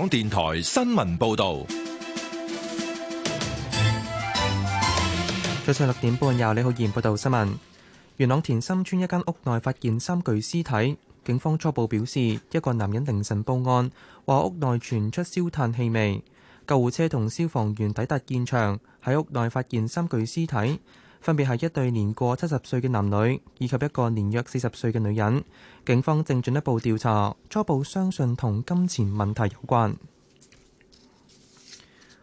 港電台新聞報道，早上六點半由李浩賢報道新聞。元朗田心村一間屋內發現三具屍體，警方初步表示，一個男人凌晨報案，話屋內傳出燒炭氣味，救護車同消防員抵達現場，喺屋內發現三具屍體。分別係一對年過七十歲嘅男女，以及一個年約四十歲嘅女人。警方正進一步調查，初步相信同金錢問題有關。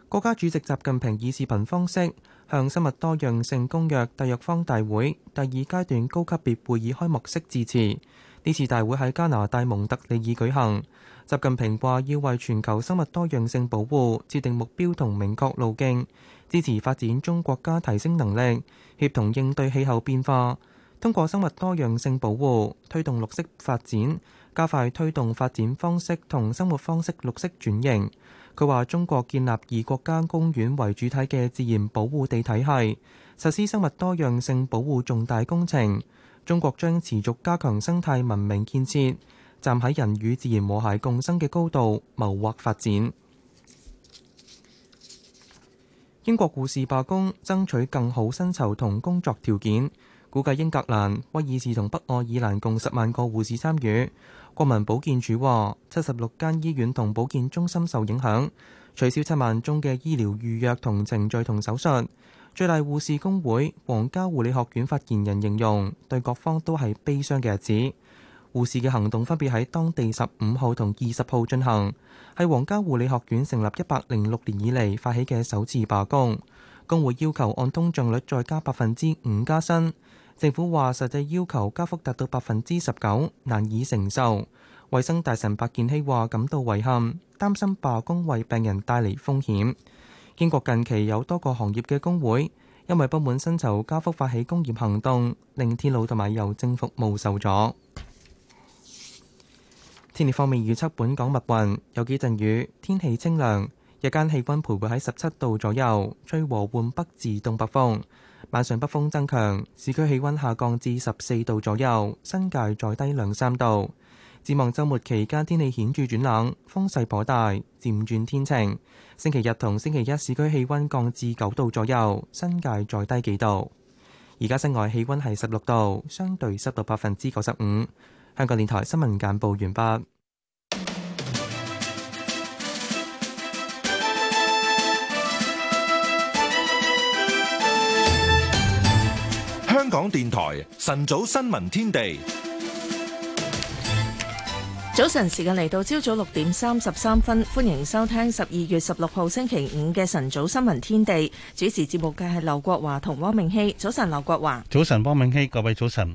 國家主席習近平以視頻方式向生物多樣性公約締約方大會第二階段高級別會議開幕式致辭。呢次大會喺加拿大蒙特利爾舉行。習近平話要為全球生物多樣性保護設定目標同明確路徑。支持發展中國家提升能力，協同應對氣候變化，通過生物多樣性保護推動綠色發展，加快推動發展方式同生活方式綠色轉型。佢話：中國建立以國家公園為主體嘅自然保護地體系，實施生物多樣性保護重大工程。中國將持續加強生態文明建設，站喺人與自然和諧共生嘅高度，謀劃發展。英國護士罷工，爭取更好薪酬同工作條件。估計英格蘭、威爾士同北愛爾蘭共十萬個護士參與。國民保健署話，七十六間醫院同保健中心受影響，取消七萬宗嘅醫療預約同程序同手術。最大護士工會皇家護理學院發言人形容，對各方都係悲傷嘅日子。護士嘅行動分別喺當地十五號同二十號進行。係皇家護理學院成立一百零六年以嚟發起嘅首次罷工，工會要求按通脹率再加百分之五加薪。政府話實際要求加幅達到百分之十九，難以承受。衛生大臣白健熙話感到遺憾，擔心罷工為病人帶嚟風險。英國近期有多個行業嘅工會因為不滿薪酬加幅，發起工業行動，令鐵路同埋郵政服務受阻。天氣方面，預測本港密雲有幾陣雨，天氣清涼，日間氣溫徘徊喺十七度左右，吹和緩北至東北風。晚上北風增強，市區氣溫下降至十四度左右，新界再低兩三度。展望周末期間，天氣顯著轉冷，風勢頗大，漸轉天晴。星期日同星期一市區氣溫降至九度左右，新界再低幾度。而家室外氣溫係十六度，相對濕度百分之九十五。香港電台新聞簡報完畢。香港電台晨早新聞天地。早晨時間嚟到朝早六點三十三分，歡迎收聽十二月十六號星期五嘅晨早新聞天地。主持節目嘅係劉國華同汪明熙。早晨，劉國華。早晨，汪明熙。各位早晨。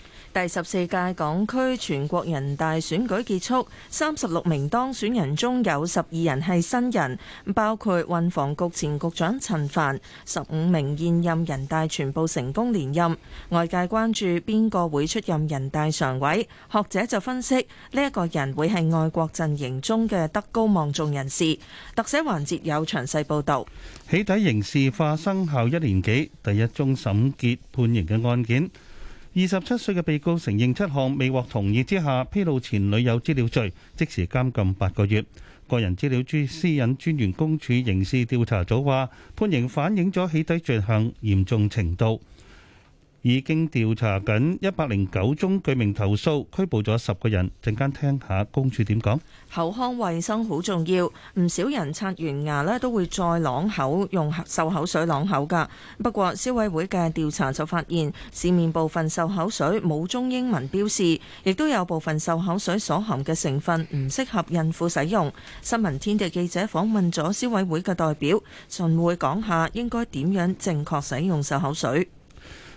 第十四屆港區全國人大選舉結束，三十六名當選人中有十二人係新人，包括運房局前局長陳帆。十五名現任人大全部成功連任。外界關注邊個會出任人大常委，學者就分析呢個人會係愛國陣營中嘅德高望重人士。特寫環節有詳細報道。起底刑事化生效一年幾，第一宗審結判刑嘅案件。二十七歲嘅被告承認七項未獲同意之下披露前女友資料罪，即時監禁八個月。個人資料專私隱專員公署刑事調查組話，判刑反映咗起底罪行嚴重程度。已經調查緊一百零九宗具名投訴，拘捕咗十個人。陣間聽下公署點講。口腔衛生好重要，唔少人刷完牙咧都會再啷口用漱口水啷口㗎。不過消委會嘅調查就發現，市面部分漱口水冇中英文標示，亦都有部分漱口水所含嘅成分唔適合孕婦使用。新聞天地記者訪問咗消委會嘅代表，仲會講下應該點樣正確使用漱口水。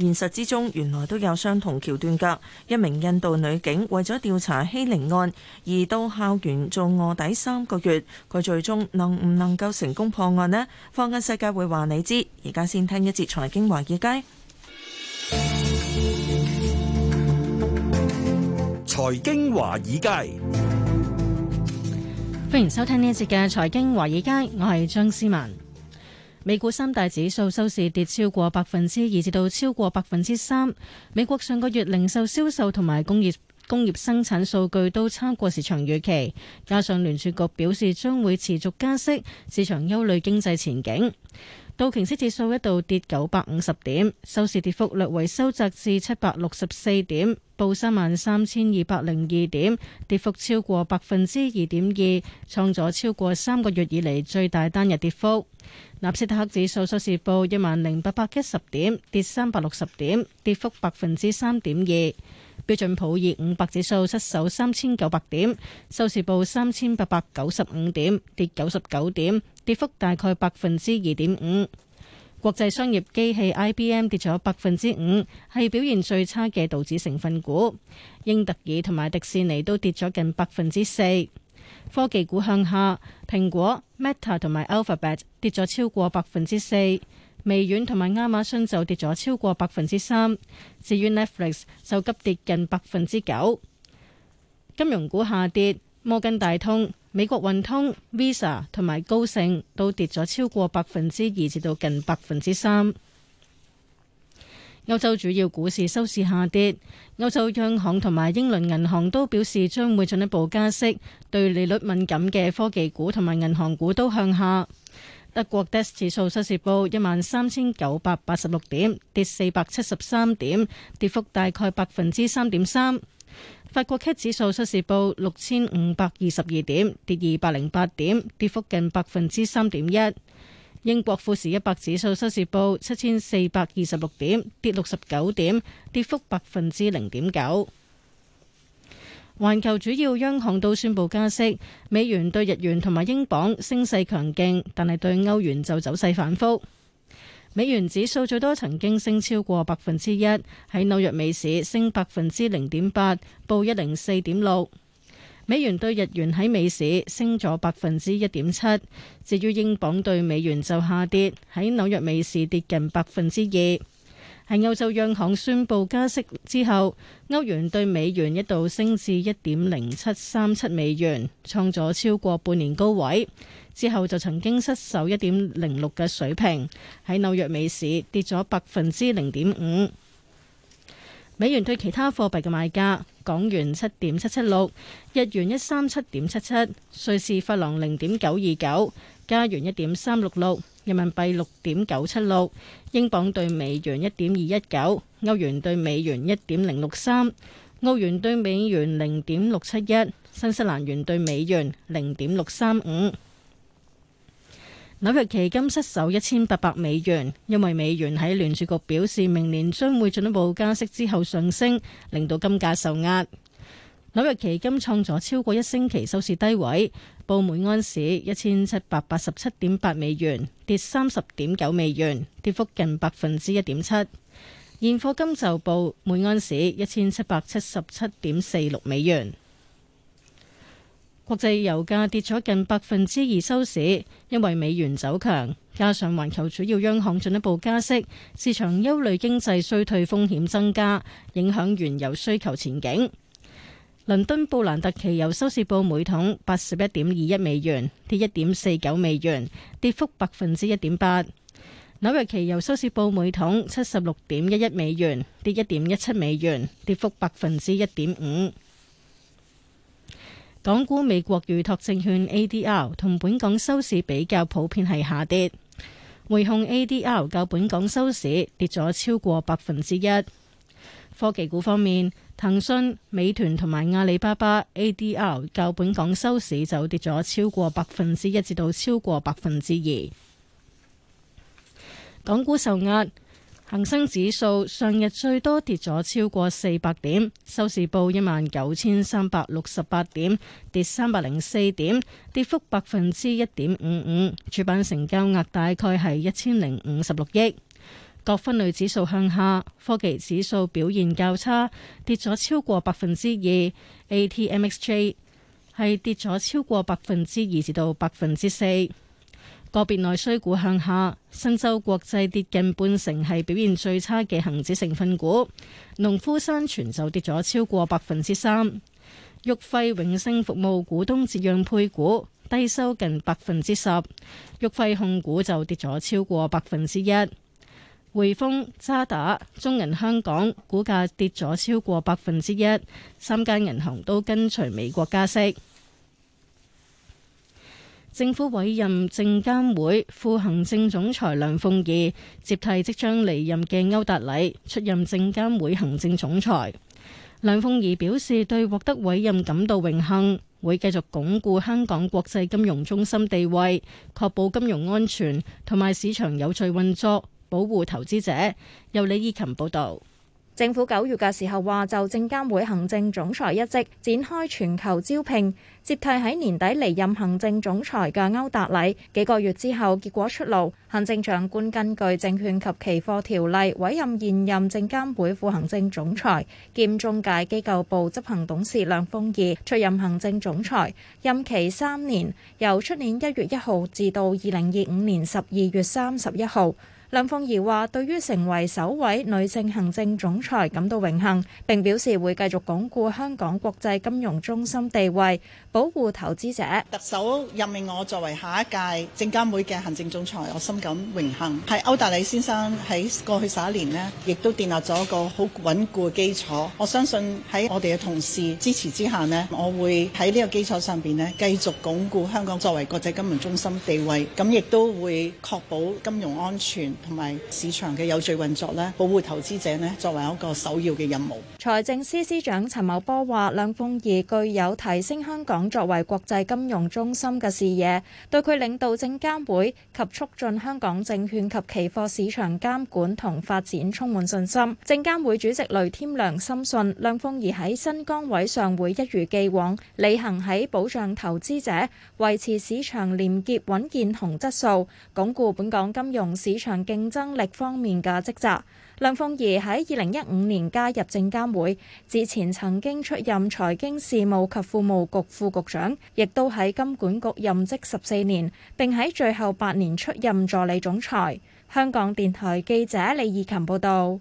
現實之中原來都有相同橋段㗎。一名印度女警為咗調查欺凌案，而到校園做臥底三個月，佢最終能唔能夠成功破案呢？放眼世界會話你知，而家先聽一節財經華爾街。財經華爾街，歡迎收聽呢一節嘅財經華爾街，我係張思文。美股三大指數收市跌超過百分之二至到超過百分之三。美國上個月零售銷售同埋工業工業生產數據都超過市場預期，加上聯儲局表示將會持續加息，市場憂慮經濟前景。道瓊斯指數一度跌九百五十點，收市跌幅略為收窄至七百六十四點，報三萬三千二百零二點，跌幅超過百分之二點二，創咗超過三個月以嚟最大單日跌幅。納斯達克指數收市報一萬零八百一十點，跌三百六十點，跌幅百分之三點二。標準普爾五百指數失守三千九百點，收市報三千八百九十五點，跌九十九點，跌幅大概百分之二點五。國際商業機器 IBM 跌咗百分之五，係表現最差嘅道指成分股。英特爾同埋迪士尼都跌咗近百分之四。科技股向下，蘋果、Meta 同埋 Alphabet 跌咗超過百分之四。微軟同埋亞馬遜就跌咗超過百分之三，至於 Netflix 就急跌近百分之九。金融股下跌，摩根大通、美國運通、Visa 同埋高盛都跌咗超過百分之二至到近百分之三。歐洲主要股市收市下跌，歐洲央行同埋英倫銀行都表示將會進一步加息，對利率敏感嘅科技股同埋銀行股都向下。德國 DAX 指數收市報一萬三千九百八十六點，跌四百七十三點，跌幅大概百分之三點三。法國 CAC 指數收市報六千五百二十二點，跌二百零八點，跌幅近百分之三點一。英國富時一百指數收市報七千四百二十六點，跌六十九點，跌幅百分之零點九。環球主要央行都宣佈加息，美元兌日元同埋英鎊升勢強勁，但係對歐元就走勢反復。美元指數最多曾經升超過百分之一，喺紐約美市升百分之零點八，報一零四點六。美元兌日元喺美市升咗百分之一點七，至於英鎊兌美元就下跌，喺紐約美市跌近百分之二。喺歐洲央行宣布加息之後，歐元對美元一度升至一點零七三七美元，創咗超過半年高位。之後就曾經失守一點零六嘅水平。喺紐約美市跌咗百分之零點五。美元對其他貨幣嘅賣價：港元七點七七六，日元一三七點七七，瑞士法郎零點九二九，加元一點三六六。人民幣六點九七六，英鎊兌美元一點二一九，歐元兌美元一點零六三，澳元兌美元零點六七一，新西蘭元兌美元零點六三五。紐約期金失守一千八百美元，因為美元喺聯儲局表示明年將會進一步加息之後上升，令到金價受壓。紐約期金創咗超過一星期收市低位。報每盎司一千七百八十七點八美元，跌三十點九美元，跌幅近百分之一點七。現貨金就報每盎司一千七百七十七點四六美元。國際油價跌咗近百分之二收市，因為美元走強，加上環球主要央行進一步加息，市場憂慮經濟衰退風險增加，影響原油需求前景。倫敦布蘭特期油收市報每桶八十一點二一美元，跌一點四九美元，跌幅百分之一點八。紐約期油收市報每桶七十六點一一美元，跌一點一七美元，跌幅百分之一點五。港股美國預託證券 ADR 同本港收市比較普遍係下跌，匯控 ADR 較本港收市跌咗超過百分之一。科技股方面。騰訊、美團同埋阿里巴巴 ADR 較本港收市就跌咗超過百分之一至到超過百分之二。港股受壓，恒生指數上日最多跌咗超過四百點，收市報一萬九千三百六十八點，跌三百零四點，跌幅百分之一點五五。主板成交額大概係一千零五十六億。各分類指數向下，科技指數表現較差，跌咗超過百分之二。A T M X J 係跌咗超過百分之二至到百分之四。個別內需股向下，申洲國際跌近半成，係表現最差嘅恒指成分股。農夫山泉就跌咗超過百分之三。旭輝永升服務股東折讓配股低收近百分之十，旭輝控股就跌咗超過百分之一。匯豐、渣打、中銀香港股價跌咗超過百分之一，三間銀行都跟隨美國加息。政府委任證監會副行政總裁梁鳳儀接替即將離任嘅歐達禮出任證監會行政總裁。梁鳳儀表示，對獲得委任感到榮幸，會繼續鞏固香港國際金融中心地位，確保金融安全同埋市場有序運作。保護投資者。由李依琴報道。政府九月嘅時候話就證監會行政總裁一職展開全球招聘，接替喺年底離任行政總裁嘅歐達禮。幾個月之後，結果出爐，行政長官根據證券及期貨條例委任現任證監會副行政總裁兼中介機構部執行董事梁鳳儀出任行政總裁，任期三年，由出年一月一號至到二零二五年十二月三十一號。梁鳳儀話：對於成為首位女性行政總裁感到榮幸，並表示會繼續鞏固香港國際金融中心地位，保護投資者。特首任命我作為下一屆證監會嘅行政總裁，我深感榮幸。係歐達禮先生喺過去十一年呢，亦都建立咗一個好穩固嘅基礎。我相信喺我哋嘅同事支持之下呢，我會喺呢個基礎上面呢，繼續鞏固香港作為國際金融中心地位，咁亦都會確保金融安全。同埋市場嘅有序運作咧，保護投資者咧，作為一個首要嘅任務。財政司司長陳茂波話，梁鳳儀具有提升香港作為國際金融中心嘅視野，對佢領導證監會及促進香港證券及期貨市場監管同發展充滿信心。證監會主席雷添良深信，梁鳳儀喺新崗位上會一如既往，履行喺保障投資者、維持市場廉潔、穩健同質素、鞏固本港金融市場競爭力方面嘅職責。梁鳳儀喺二零一五年加入證監會，之前曾經出任財經事務及庫務局副局長，亦都喺金管局任職十四年，並喺最後八年出任助理總裁。香港電台記者李義勤報道。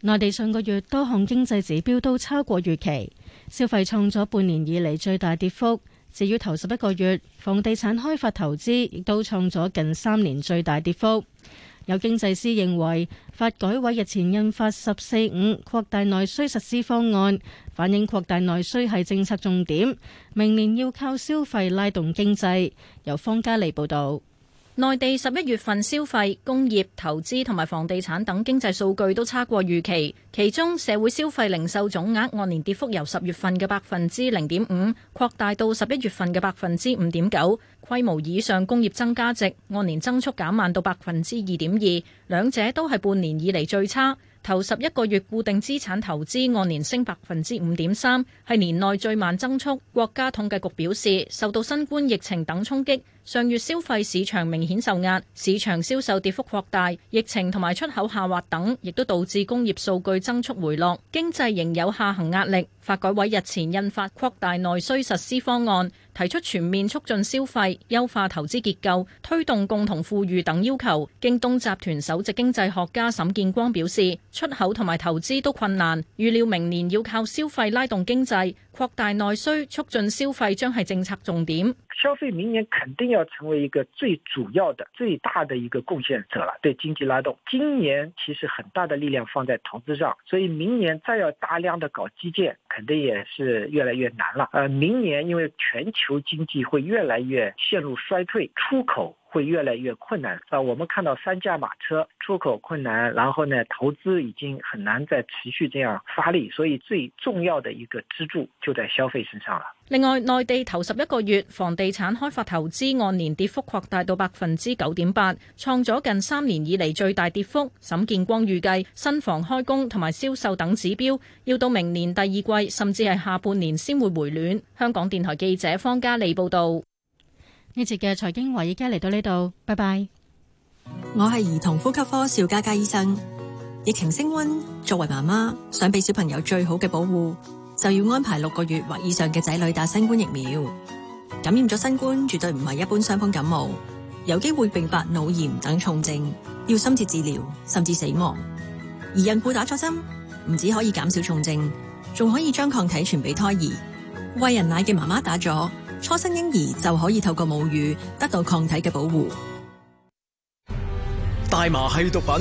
內地上個月多項經濟指標都超過預期，消費創咗半年以嚟，最大跌幅，至於頭十一個月，房地產開發投資亦都創咗近三年最大跌幅。有經濟師認為，發改委日前印發十四五擴大內需實施方案，反映擴大內需係政策重點，明年要靠消費拉動經濟。由方家利報導。內地十一月份消費、工業、投資同埋房地產等經濟數據都差過預期，其中社會消費零售總額按年跌幅由十月份嘅百分之零點五擴大到十一月份嘅百分之五點九，規模以上工業增加值按年增速減慢到百分之二點二，兩者都係半年以嚟最差。頭十一個月固定資產投資按年升百分之五點三，係年內最慢增速。國家統計局表示，受到新冠疫情等衝擊。上月消費市場明顯受壓，市場銷售跌幅擴大，疫情同埋出口下滑等，亦都導致工業數據增速回落，經濟仍有下行壓力。發改委日前印發擴大內需實施方案，提出全面促進消費、優化投資結構、推動共同富裕等要求。京東集團首席經濟學家沈建光表示，出口同埋投資都困難，預料明年要靠消費拉動經濟。擴大內需，促進消費將係政策重點。消費明年肯定要成為一個最主要的，最大的一個貢獻者了，對經濟拉動。今年其實很大的力量放在投資上，所以明年再要大量的搞基建，肯定也是越來越難了。呃，明年因為全球經濟會越來越陷入衰退，出口會越來越困難。啊，我們看到三駕馬車出口困難，然後呢投資已經很難再持續這樣發力，所以最重要的一個支柱就在消費身上啦。另外，內地頭十一個月，房地產開發投資按年跌幅擴大到百分之九點八，創咗近三年以嚟最大跌幅。沈建光預計，新房開工同埋銷售等指標要到明年第二季甚至係下半年先會回暖。香港電台記者方嘉莉報道。呢節嘅財經話而家嚟到呢度，拜拜。我係兒童呼吸科邵嘉嘉醫生。疫情升温，作為媽媽想俾小朋友最好嘅保護，就要安排六個月或以上嘅仔女打新冠疫苗。感染咗新冠絕對唔係一般傷風感冒，有機會併發腦炎等重症，要深切治療甚至死亡。而孕婦打咗針唔止可以減少重症，仲可以將抗體傳俾胎兒。喂人奶嘅媽媽打咗。初生嬰兒就可以透過母乳得到抗體嘅保護。大麻係毒品，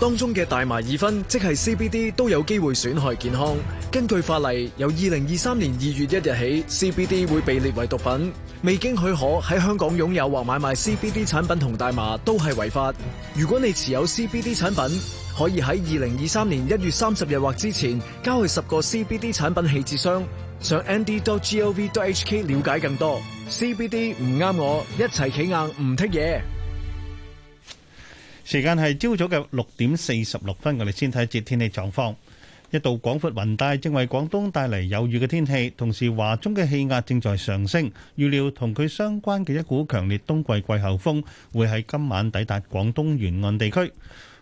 當中嘅大麻二酚即係 CBD 都有機會損害健康。根據法例，由二零二三年二月一日起，CBD 會被列為毒品，未經許可喺香港擁有或買賣 CBD 產品同大麻都係違法。如果你持有 CBD 產品，可以喺二零二三年一月三十日或之前交去十個 CBD 產品棄置箱。上 nd dot g o v dot h k 了解更多。C B D 唔啱我，一齊企硬唔 take 嘢。時間係朝早嘅六點四十六分，我哋先睇一節天氣狀況。一道廣闊雲帶正為廣東帶嚟有雨嘅天氣，同時華中嘅氣壓正在上升，預料同佢相關嘅一股強烈冬季季候風會喺今晚抵達廣東沿岸地區。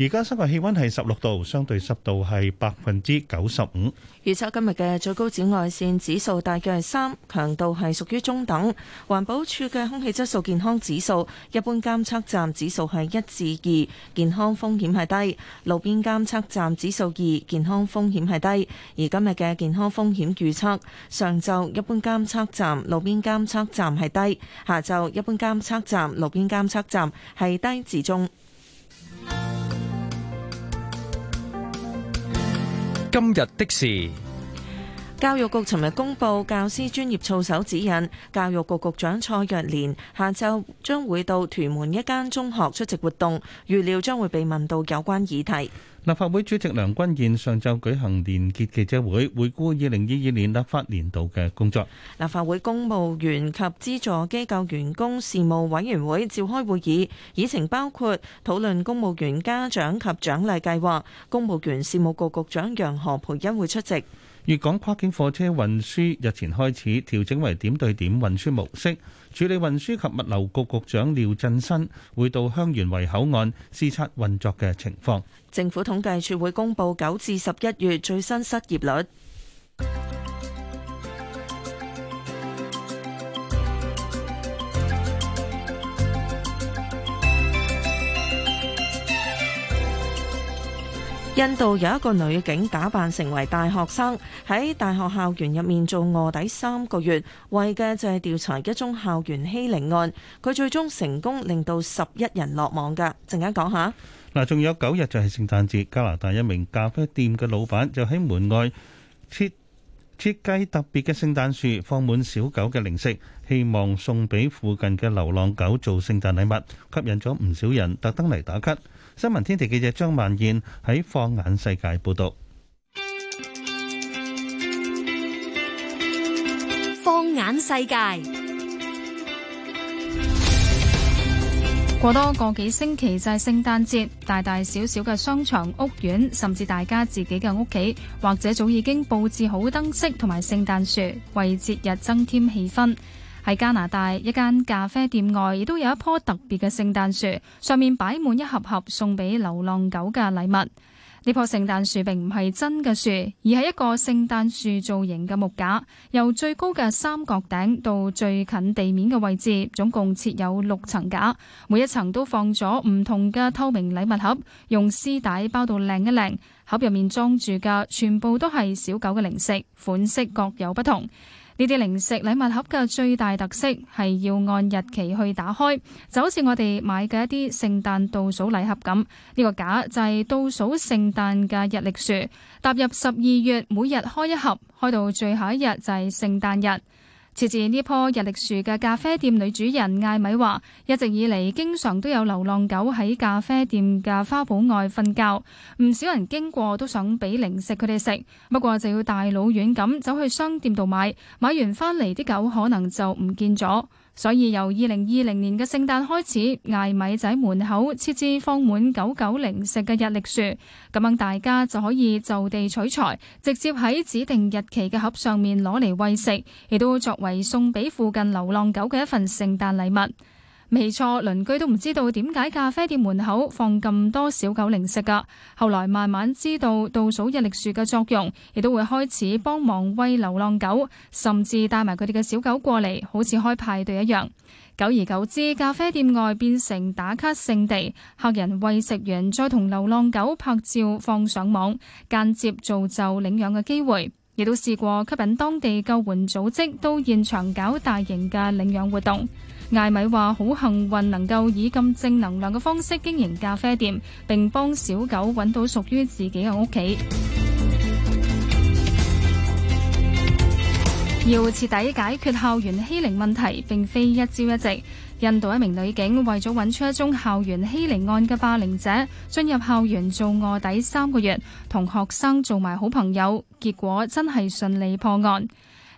而家室外氣溫係十六度，相對濕度係百分之九十五。預測今日嘅最高紫外線指數大概係三，強度係屬於中等。環保署嘅空氣質素健康指數，一般監測站指數係一至二，健康風險係低；路邊監測站指數二，健康風險係低。而今日嘅健康風險預測，上晝一般監測站、路邊監測站係低，下晝一般監測站、路邊監測站係低至中。今日的事。教育局尋日公布教師專業操守指引。教育局局長蔡若蓮下晝將會到屯門一間中學出席活動，預料將會被問到有關議題。立法會主席梁君彥上晝舉行連結記者會，回顧二零二二年立法年度嘅工作。立法會公務員及資助機構員工事務委員會召開會議，議程包括討論公務員家長及獎勵計劃。公務員事務局局長楊何培欣會出席。粵港跨境貨車運輸日前開始調整為點對點運輸模式，署理運輸及物流局局長廖振新會到香園圍口岸視察運作嘅情況。政府統計處會公布九至十一月最新失業率。印度有一個女警假扮成為大學生，喺大學校園入面做臥底三個月，為嘅就係調查一宗校園欺凌案。佢最終成功令到十一人落網㗎。陣間講下嗱，仲有九日就係聖誕節。加拿大一名咖啡店嘅老闆就喺門外設設計特別嘅聖誕樹，放滿小狗嘅零食，希望送俾附近嘅流浪狗做聖誕禮物，吸引咗唔少人特登嚟打卡。新聞天地記者張萬燕喺放眼世界報道。放眼世界，世界過多個幾星期就係聖誕節，大大小小嘅商場、屋苑，甚至大家自己嘅屋企，或者早已經布置好燈飾同埋聖誕樹，為節日增添氣氛。喺加拿大，一間咖啡店外，亦都有一棵特別嘅聖誕樹，上面擺滿一盒盒送畀流浪狗嘅禮物。呢棵聖誕樹並唔係真嘅樹，而係一個聖誕樹造型嘅木架，由最高嘅三角頂到最近地面嘅位置，總共設有六層架，每一層都放咗唔同嘅透明禮物盒，用絲帶包到靚一靚，盒入面裝住嘅，全部都係小狗嘅零食，款式各有不同。呢啲零食禮物盒嘅最大特色係要按日期去打開，就好似我哋買嘅一啲聖誕倒數禮盒咁。呢個架就係倒數聖誕嘅日曆樹，踏入十二月，每日開一盒，開到最後一日就係聖誕日。設置呢棵日曆樹嘅咖啡店女主人艾米華，一直以嚟，經常都有流浪狗喺咖啡店嘅花圃外瞓覺，唔少人經過都想俾零食佢哋食，不過就要大老遠咁走去商店度買，買完翻嚟啲狗可能就唔見咗。所以由二零二零年嘅聖誕開始，艾米仔門口設置放滿狗狗零食嘅日曆樹，咁樣大家就可以就地取材，直接喺指定日期嘅盒上面攞嚟餵食，亦都作為送俾附近流浪狗嘅一份聖誕禮物。未錯，鄰居都唔知道點解咖啡店門口放咁多小狗零食噶。後來慢慢知道倒數日曆樹嘅作用，亦都會開始幫忙餵流浪狗，甚至帶埋佢哋嘅小狗過嚟，好似開派對一樣。久而久之，咖啡店外變成打卡勝地，客人餵食完再同流浪狗拍照放上網，間接造就領養嘅機會。亦都試過吸引當地救援組織到現場搞大型嘅領養活動。艾米話：好幸運能夠以咁正能量嘅方式經營咖啡店，並幫小狗揾到屬於自己嘅屋企。 要徹底解決校園欺凌問題，並非一朝一夕。印度一名女警為咗揾出一宗校園欺凌案嘅霸凌者，進入校園做臥底三個月，同學生做埋好朋友，結果真係順利破案。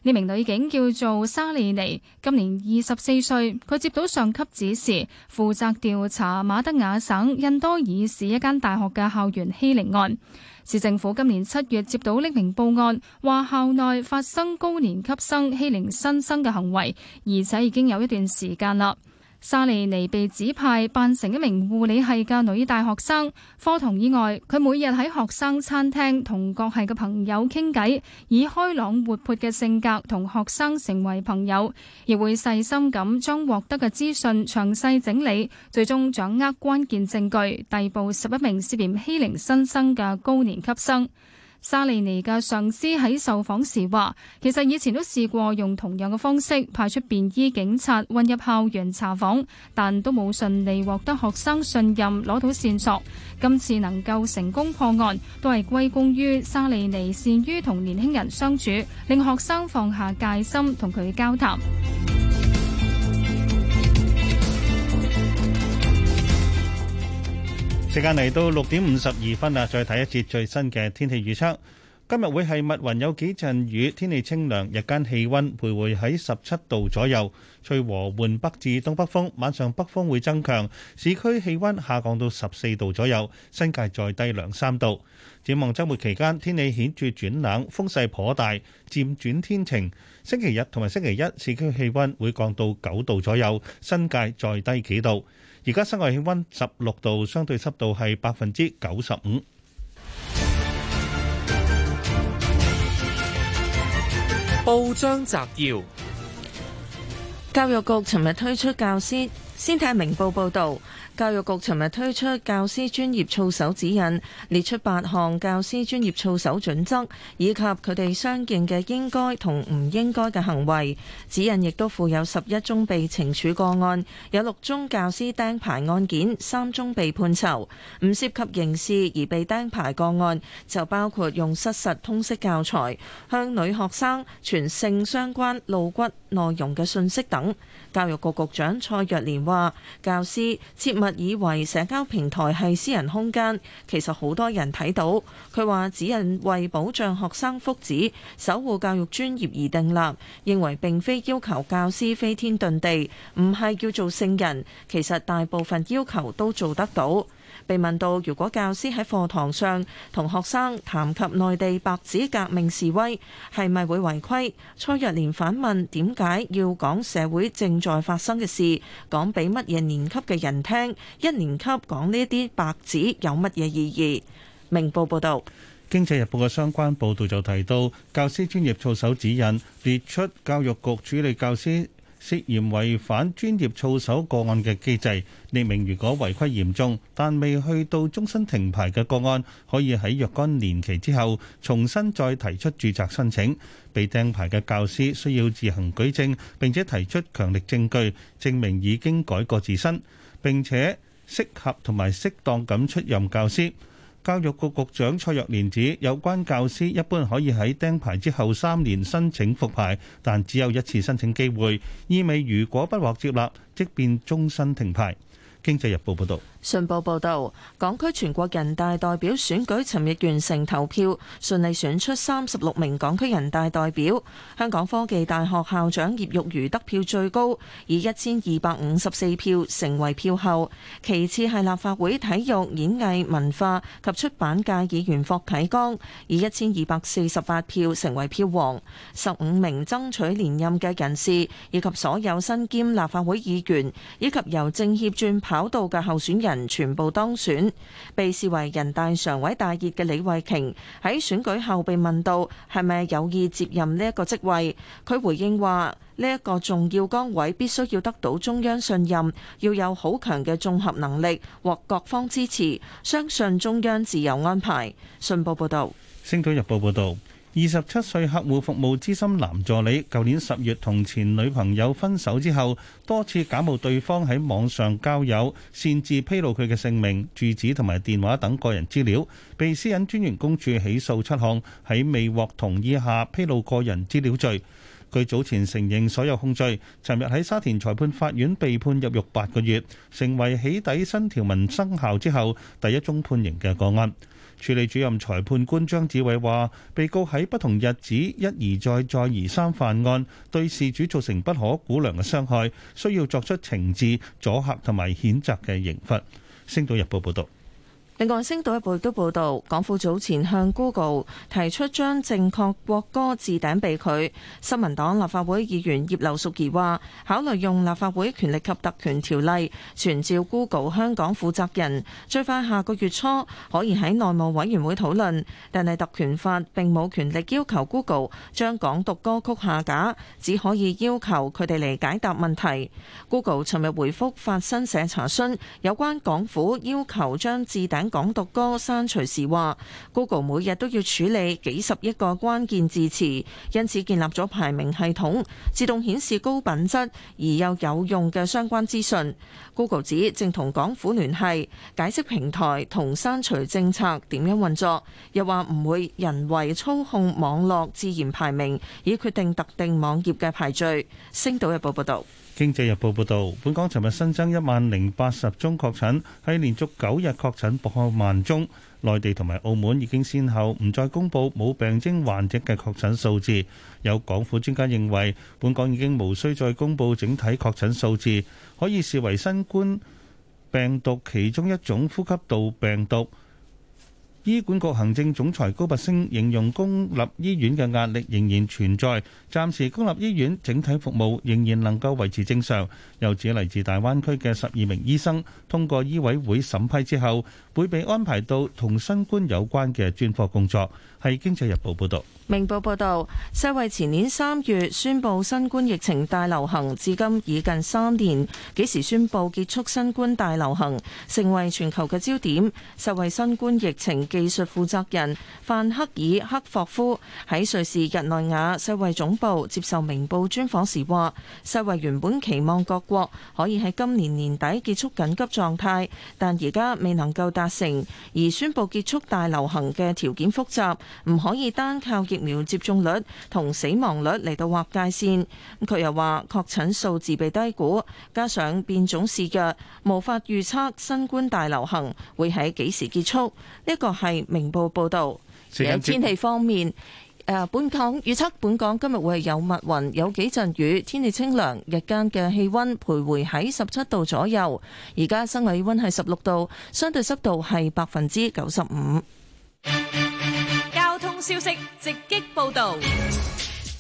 呢名女警叫做沙利尼，今年二十四歲。佢接到上級指示，負責調查馬德雅省印多爾市一間大學嘅校園欺凌案。市政府今年七月接到匿名報案，話校內發生高年級生欺凌新生嘅行為，而且已經有一段時間啦。沙利尼被指派扮成一名護理系嘅女大學生，課堂以外，佢每日喺學生餐廳同各系嘅朋友傾偈，以開朗活潑嘅性格同學生成為朋友，亦會細心咁將獲得嘅資訊詳細整理，最終掌握關鍵證據，逮捕十一名涉嫌欺凌新生嘅高年級生。沙利尼嘅上司喺受訪時話，其實以前都試過用同樣嘅方式派出便衣警察混入校園查訪，但都冇順利獲得學生信任，攞到線索。今次能夠成功破案，都係歸功於沙利尼善於同年輕人相處，令學生放下戒心同佢交談。時間嚟到六點五十二分啦，再睇一節最新嘅天氣預測。今日會係密雲有幾陣雨，天氣清涼，日間氣溫徘徊喺十七度左右，吹和緩北至東北風，晚上北風會增強。市區氣溫下降到十四度左右，新界再低兩三度。展望周末期間，天氣顯著轉冷，風勢頗大，漸轉天晴。星期日同埋星期一，市區氣溫會降到九度左右，新界再低幾度。而家室外氣温十六度，相對濕度係百分之九十五。報章摘要：教育局尋日推出教師先睇明報報道。教育局尋日推出教師專業操守指引，列出八項教師專業操守準則，以及佢哋相應嘅應該同唔應該嘅行為。指引亦都附有十一宗被懲處個案，有六宗教師釘牌案件，三宗被判囚。唔涉及刑事而被釘牌個案就包括用失實通識教材、向女學生傳性相關露骨內容嘅訊息等。教育局局長蔡若蓮話，教師切勿以為社交平台係私人空間，其實好多人睇到。佢話指引為保障學生福祉、守護教育專業而訂立，認為並非要求教師飛天遁地，唔係叫做聖人，其實大部分要求都做得到。被問到如果教師喺課堂上同學生談及內地白紙革命示威，係咪會違規？蔡若蓮反問點解要講社會正在發生嘅事，講俾乜嘢年級嘅人聽？一年級講呢啲白紙有乜嘢意義？明報報導，《經濟日報》嘅相關報導就提到，教師專業操守指引列出教育局處理教師。涉嫌違反專業操守個案嘅機制，列明如果違規嚴重但未去到終身停牌嘅個案，可以喺若干年期之後重新再提出註冊申請。被釘牌嘅教師需要自行舉證，並且提出強力證據，證明已經改過自新，並且適合同埋適當咁出任教師。教育局局長蔡若蓮指，有關教師一般可以喺釘牌之後三年申請復牌，但只有一次申請機會，意味如果不獲接納，即變終身停牌。《經濟日報》報導，《信報》報導，港區全國人大代表選舉尋日完成投票，順利選出三十六名港區人大代表。香港科技大學校長葉玉如得票最高，以一千二百五十四票成為票后。其次係立法會體育、演藝文化及出版界議員霍啟剛，以一千二百四十八票成為票王。十五名爭取連任嘅人士，以及所有身兼立法會議員，以及由政協轉跑道嘅候選人全部當選，被視為人大常委大熱嘅李慧瓊喺選舉後被問到係咪有意接任呢一個職位，佢回應話：呢、這、一個重要崗位必須要得到中央信任，要有好強嘅綜合能力，獲各方支持，相信中央自有安排。信報，報報導，《星島日報》報導。二十七歲客戶服務資深男助理，舊年十月同前女朋友分手之後，多次假冒對方喺網上交友，擅自披露佢嘅姓名、住址同埋電話等個人資料，被私隱專員公署起訴七項，喺未獲同意下披露個人資料罪。佢早前承認所有控罪，尋日喺沙田裁判法院被判入獄八個月，成為起底新條文生效之後第一宗判刑嘅個案。處理主任裁判官張子偉話，被告喺不同日子一而再、再而三犯案，對事主造成不可估量嘅傷害，需要作出懲治、阻嚇同埋譴責嘅刑罰。星島日報報道。另外，星島日報亦都報道，港府早前向 Google 提出將正確國歌置頂被拒。新聞黨立法會議員葉劉淑儀話：考慮用《立法會權力及特權條例》傳召 Google 香港負責人，最快下個月初可以喺內務委員會討論。但係《特權法》並冇權力要求 Google 將港獨歌曲下架，只可以要求佢哋嚟解答問題。Google 尋日回覆法新社查詢，有關港府要求將置頂。港獨歌刪除時話，Google 每日都要處理幾十億個關鍵字詞，因此建立咗排名系統，自動顯示高品質而又有有用嘅相關資訊。Google 指正同港府聯繫，解釋平台同刪除政策點樣運作，又話唔會人為操控網絡自然排名，以決定特定網頁嘅排序。星島日報報道。《經濟日報》報導，本港尋日新增一萬零八十宗確診，係連續九日確診破萬宗。內地同埋澳門已經先後唔再公佈冇病徵患者嘅確診數字。有港府專家認為，本港已經無需再公佈整體確診數字，可以視為新冠病毒其中一種呼吸道病毒。醫管局行政總裁高拔升形容公立醫院嘅壓力仍然存在，暫時公立醫院整體服務仍然能夠維持正常。又指嚟自大灣區嘅十二名醫生通過醫委會審批之後，會被安排到同新冠有關嘅專科工作。係《經濟日報》報道。明報報道，世衛前年三月宣布新冠疫情大流行，至今已近三年。幾時宣布結束新冠大流行，成為全球嘅焦點？世衛新冠疫情。技術負責人范克爾克霍夫喺瑞士日內瓦世衛總部接受明報專訪時話，世衛原本期望各國可以喺今年年底結束緊急狀態，但而家未能夠達成。而宣布結束大流行嘅條件複雜，唔可以單靠疫苗接種率同死亡率嚟到劃界線，佢又話確診數字被低估，加上變種肆虐，無法預測新冠大流行會喺幾時結束。呢個係明報報道。天氣方面，本港預測本港今日會係有密雲，有幾陣雨，天氣清涼，日間嘅氣溫徘徊喺十七度左右。而家室外氣溫係十六度，相對濕度係百分之九十五。交通消息直擊報道。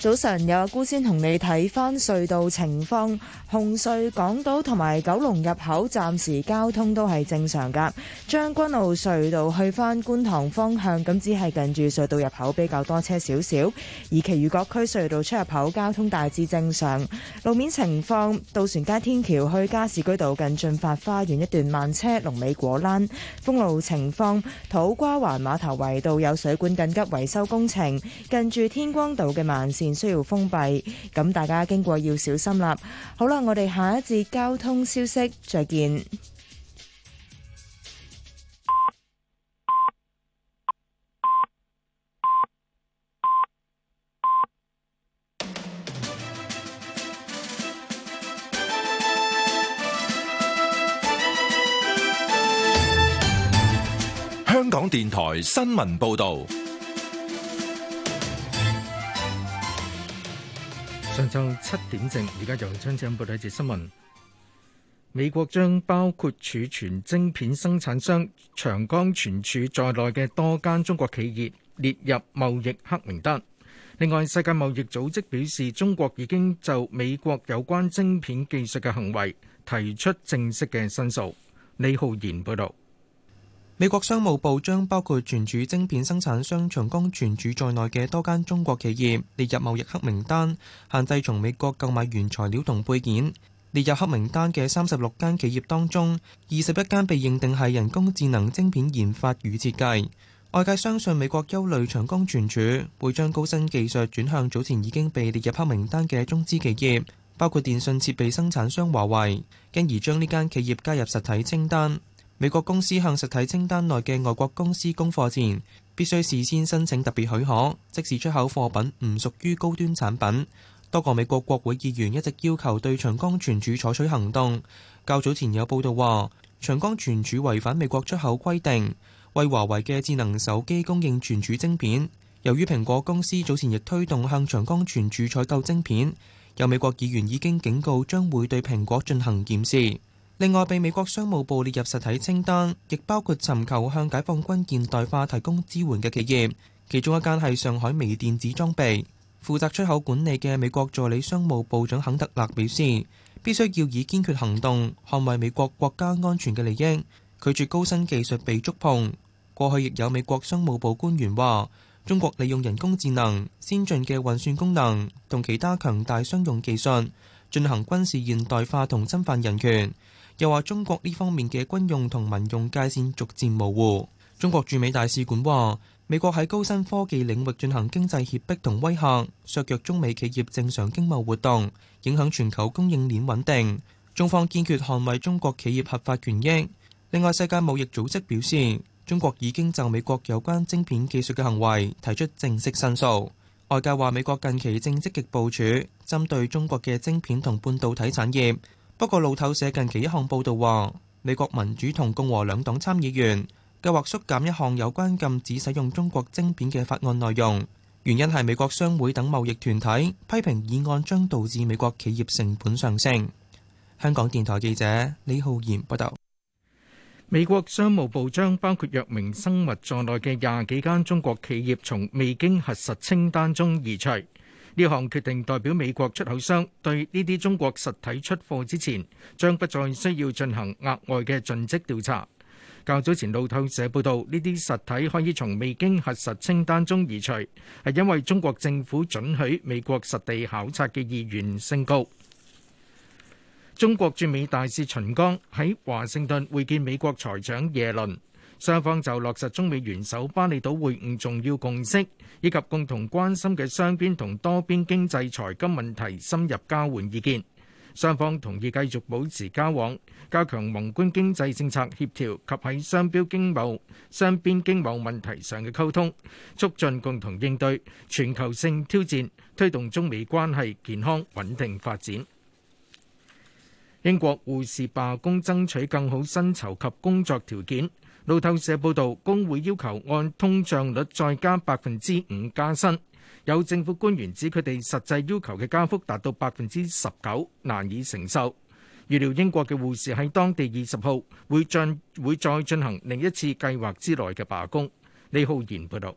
早晨，有阿姑先同你睇翻隧道情況。紅隧港島同埋九龍入口暫時交通都係正常噶。將軍澳隧道去翻觀塘方向，咁只係近住隧道入口比較多車少少，而其餘各區隧道出入口交通大致正常。路面情況，渡船街天橋去加士居道近駿發花園一段慢車，龍尾果欄。封路情況，土瓜灣碼頭圍道有水管緊急維修工程，近住天光道嘅慢線。需要封閉，咁大家經過要小心啦。好啦，我哋下一節交通消息，再見。香港電台新聞報道。上晝七點正，而家由張子恩報道一節新聞。美國將包括儲存晶片生產商長江存儲在內嘅多間中國企業列入貿易黑名單。另外，世界貿易組織表示，中國已經就美國有關晶片技術嘅行為提出正式嘅申訴。李浩然報道。美國商務部將包括存儲晶片生產商長江存儲在內嘅多間中國企業列入貿易黑名單，限制從美國購買原材料同配件。列入黑名單嘅三十六間企業當中，二十一間被認定係人工智能晶片研發與設計。外界相信美國憂慮長江存儲會將高新技術轉向早前已經被列入黑名單嘅中資企業，包括電信設備生產商華為，因而將呢間企業加入實體清單。美國公司向實體清單內嘅外國公司供貨前，必須事先申請特別許可，即使出口貨品唔屬於高端產品。多個美國國會議員一直要求對長江存儲採取行動。較早前有報導話，長江存儲違反美國出口規定，為華為嘅智能手機供應存儲晶片。由於蘋果公司早前亦推動向長江存儲採購晶片，有美國議員已經警告將會對蘋果進行檢視。另外，被美國商務部列入實體清單，亦包括尋求向解放軍現代化提供支援嘅企業，其中一間係上海微電子裝備。負責出口管理嘅美國助理商務部長肯特勒表示，必須要以堅決行動捍衛美國國家安全嘅利益，拒絕高新技術被觸碰。過去亦有美國商務部官員話，中國利用人工智能先進嘅運算功能同其他強大商用技術進行軍事現代化同侵犯人權。又話中國呢方面嘅軍用同民用界線逐漸模糊。中國駐美大使館話：美國喺高新科技領域進行經濟脅迫同威嚇，削弱中美企業正常經貿活動，影響全球供應鏈穩定。中方堅決捍衞中國企業合法權益。另外，世界貿易組織表示，中國已經就美國有關晶片技術嘅行為提出正式申訴。外界話美國近期正積極部署針對中國嘅晶片同半導體產業。不過，路透社近期一項報導話，美國民主同共和兩黨參議員計劃縮減一項有關禁止使用中國晶片嘅法案內容，原因係美國商會等貿易團體批評議案將導致美國企業成本上升。香港電台記者李浩然報道，美國商務部將包括藥明生物在內嘅廿幾間中國企業從未經核實清單中移除。呢項決定代表美國出口商對呢啲中國實體出貨之前，將不再需要進行額外嘅盡職調查。較早前路透社報道，呢啲實體可以從未經核實清單中移除，係因為中國政府准許美國實地考察嘅意願升高。中國駐美大使秦剛喺華盛頓會見美國財長耶倫。雙方就落實中美元首巴厘島會晤重要共識，以及共同關心嘅雙邊同多邊經濟財金問題深入交換意見。雙方同意繼續保持交往，加強宏觀經濟政策協調及喺雙邊經貿、雙邊經貿問題上嘅溝通，促進共同應對全球性挑戰，推動中美關係健康穩定發展。英國護士罷工爭取更好薪酬及工作條件。路透社報道，工會要求按通脹率再加百分之五加薪。有政府官員指，佢哋實際要求嘅加幅達到百分之十九，難以承受。預料英國嘅護士喺當地二十號會進會再進行另一次計劃之內嘅罷工。李浩然報道，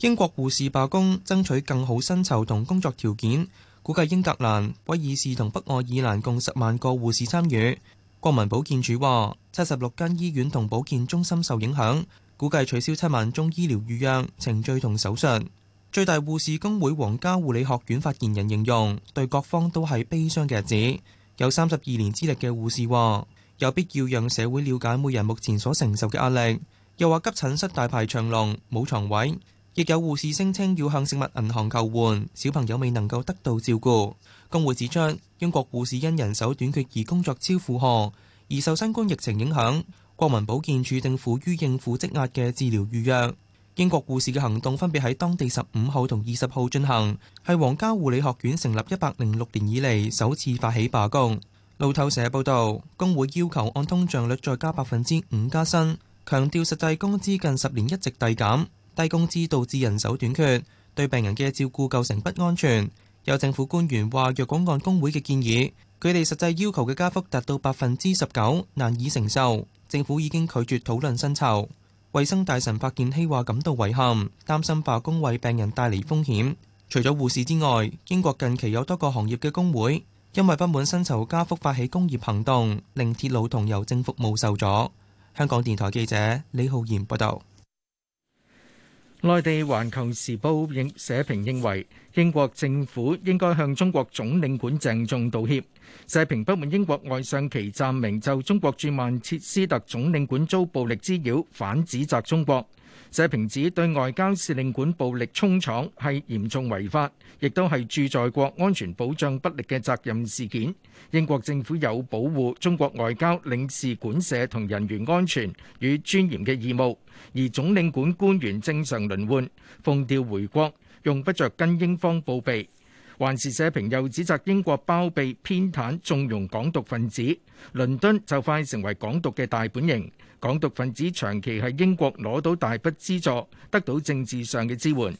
英國護士罷工爭取更好薪酬同工作條件，估計英格蘭威爾士同北愛爾蘭共十萬個護士參與。國民保健署話。七十六間醫院同保健中心受影響，估計取消七萬宗醫療預約程序同手術。最大護士工會皇家護理學院發言人形容，對各方都係悲傷嘅日子。有三十二年資歷嘅護士話，有必要讓社會了解每人目前所承受嘅壓力。又話急診室大排長龍，冇床位。亦有護士聲稱要向食物銀行求援，小朋友未能夠得到照顧。工會指出，英國護士因人手短缺而工作超負荷。而受新冠疫情影響，國民保健署政府於應付積壓嘅治療預約英國護士嘅行動，分別喺當地十五號同二十號進行，係皇家護理學院成立一百零六年以嚟首次發起罷工。路透社報道，工會要求按通脹率再加百分之五加薪，強調實際工資近十年一直遞減，低工資導致人手短缺，對病人嘅照顧構成不安全。有政府官員話，若果按工會嘅建議，佢哋實際要求嘅加幅達到百分之十九，難以承受。政府已經拒絕討論薪酬。衞生大臣白健希話感到遺憾，擔心罷工為病人帶嚟風險。除咗護士之外，英國近期有多個行業嘅工會因為不滿薪酬加幅發起工業行動，令鐵路同郵政服務受阻。香港電台記者李浩然報道。內地《環球時報》應社評認為，英國政府應該向中國總領館鄭重道歉。社評不滿英國外相祁湛明就中國駐曼徹斯特總領館遭暴力滋擾，反指責中國。社評指對外交使領館暴力衝闖係嚴重違法，亦都係駐在國安全保障不力嘅責任事件。英國政府有保護中國外交領事館舍同人員安全與尊嚴嘅義務。而總領館官員正常輪換、奉調回國，用不着跟英方報備。還是社評又指責英國包庇偏袒、縱容港獨分子，倫敦就快成為港獨嘅大本營。港獨分子長期喺英國攞到大筆資助，得到政治上嘅支援。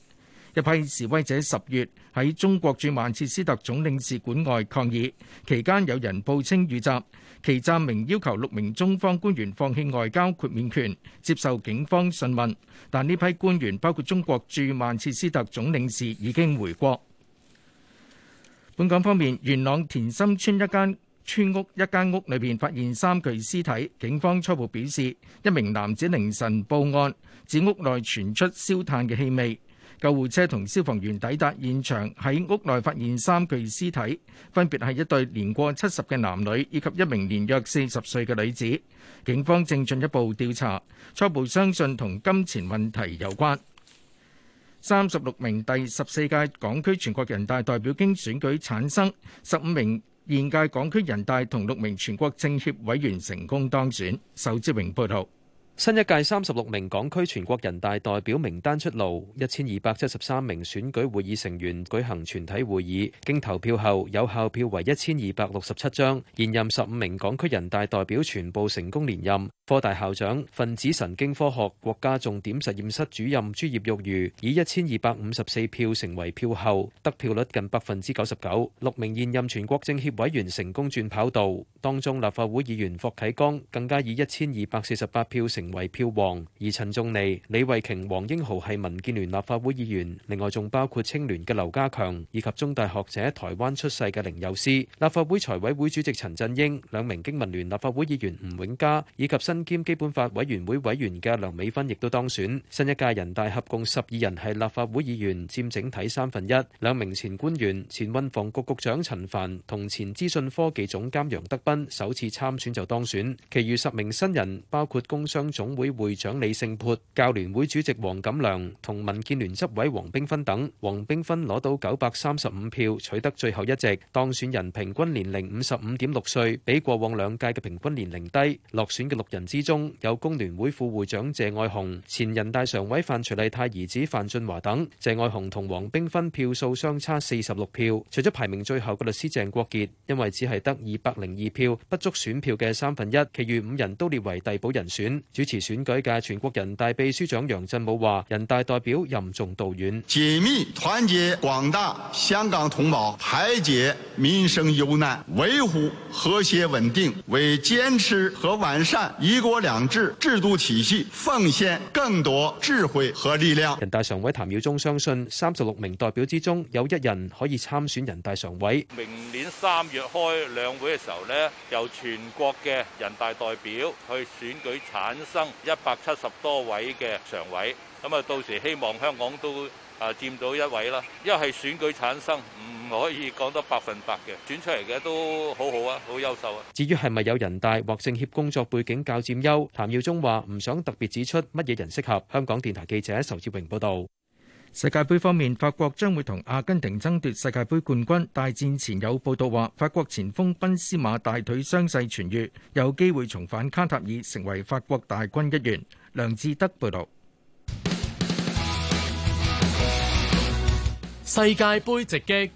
一批示威者十月喺中國駐曼徹斯特總領事館外抗議，期間有人報稱遇襲，其贊名要求六名中方官員放棄外交豁免權，接受警方訊問。但呢批官員包括中國駐曼徹斯特總領事已經回國。本港方面，元朗田心村一間。村屋一間屋裏邊發現三具屍體，警方初步表示，一名男子凌晨報案，指屋內傳出燒炭嘅氣味。救護車同消防員抵達現場，喺屋內發現三具屍體，分別係一對年過七十嘅男女以及一名年約四十歲嘅女子。警方正進一步調查，初步相信同金錢問題有關。三十六名第十四屆港區全國人大代表經選舉產生，十五名。現屆港區人大同六名全國政協委員成功當選。仇志榮報道：新一屆三十六名港區全國人大代表名單出爐，一千二百七十三名選舉會議成員舉行全體會議，經投票後有效票為一千二百六十七張，現任十五名港區人大代表全部成功連任。科大校長、分子神經科學國家重點實驗室主任葉玉如以一千二百五十四票成為票后，得票率近百分之九十九。六名現任全國政協委員成功轉跑道，當中立法會議員霍啟剛更加以一千二百四十八票成為票王。而陳仲尼、李慧瓊、黃英豪係民建聯立法會議員，另外仲包括青聯嘅劉家強以及中大學者、台灣出世嘅凌友詩。立法會財委會主席陳振英、兩名經民聯立法會議員吳永嘉以及新兼基本法委員會委員嘅梁美芬亦都當選。新一屆人大合共十二人係立法會議員，佔整體三分一。兩名前官員，前運房局局長陳帆同前資訊科技總監楊德斌首次參選就當選。其餘十名新人包括工商總會會長李盛潑、教聯會主席黃錦良同民建聯執委黃冰芬等。黃冰芬攞到九百三十五票，取得最後一席。當選人平均年齡五十五點六歲，比過往兩屆嘅平均年齡低。落選嘅六人之中有工聯會副會長謝愛紅、前人大常委范徐麗泰兒子范俊華等。謝愛紅同黃冰芬票數相差四十六票。除咗排名最後嘅律師鄭國傑，因為只係得二百零二票，不足選票嘅三分一，其餘五人都列為遞補人選。主持選舉嘅全國人大秘書長楊振武話：人大代表任重道遠，緊密團結廣大香港同胞，排解民生憂難，維護和諧穩，穩定，為堅持和完善一國兩制制度體系奉獻，更多智慧和力量。人大常委譚耀宗相信，三十六名代表之中有一人可以參選人大常委。明年三月開兩會嘅時候咧，由全國嘅人大代表去選舉產生一百七十多位嘅常委。咁啊，到時希望香港都啊佔到一位啦。一係選舉產生。唔可以講得百分百嘅轉出嚟嘅都好好啊，好優秀啊。至於係咪有人大或政協工作背景較佔優，譚耀宗話唔想特別指出乜嘢人適合。香港電台記者仇志榮報導。世界盃方面，法國將會同阿根廷爭奪世界盃冠軍。大戰前有報道話，法國前鋒賓斯馬大腿傷勢痊愈，有機會重返卡塔爾，成為法國大軍一員。梁志德報道：「世界盃直擊。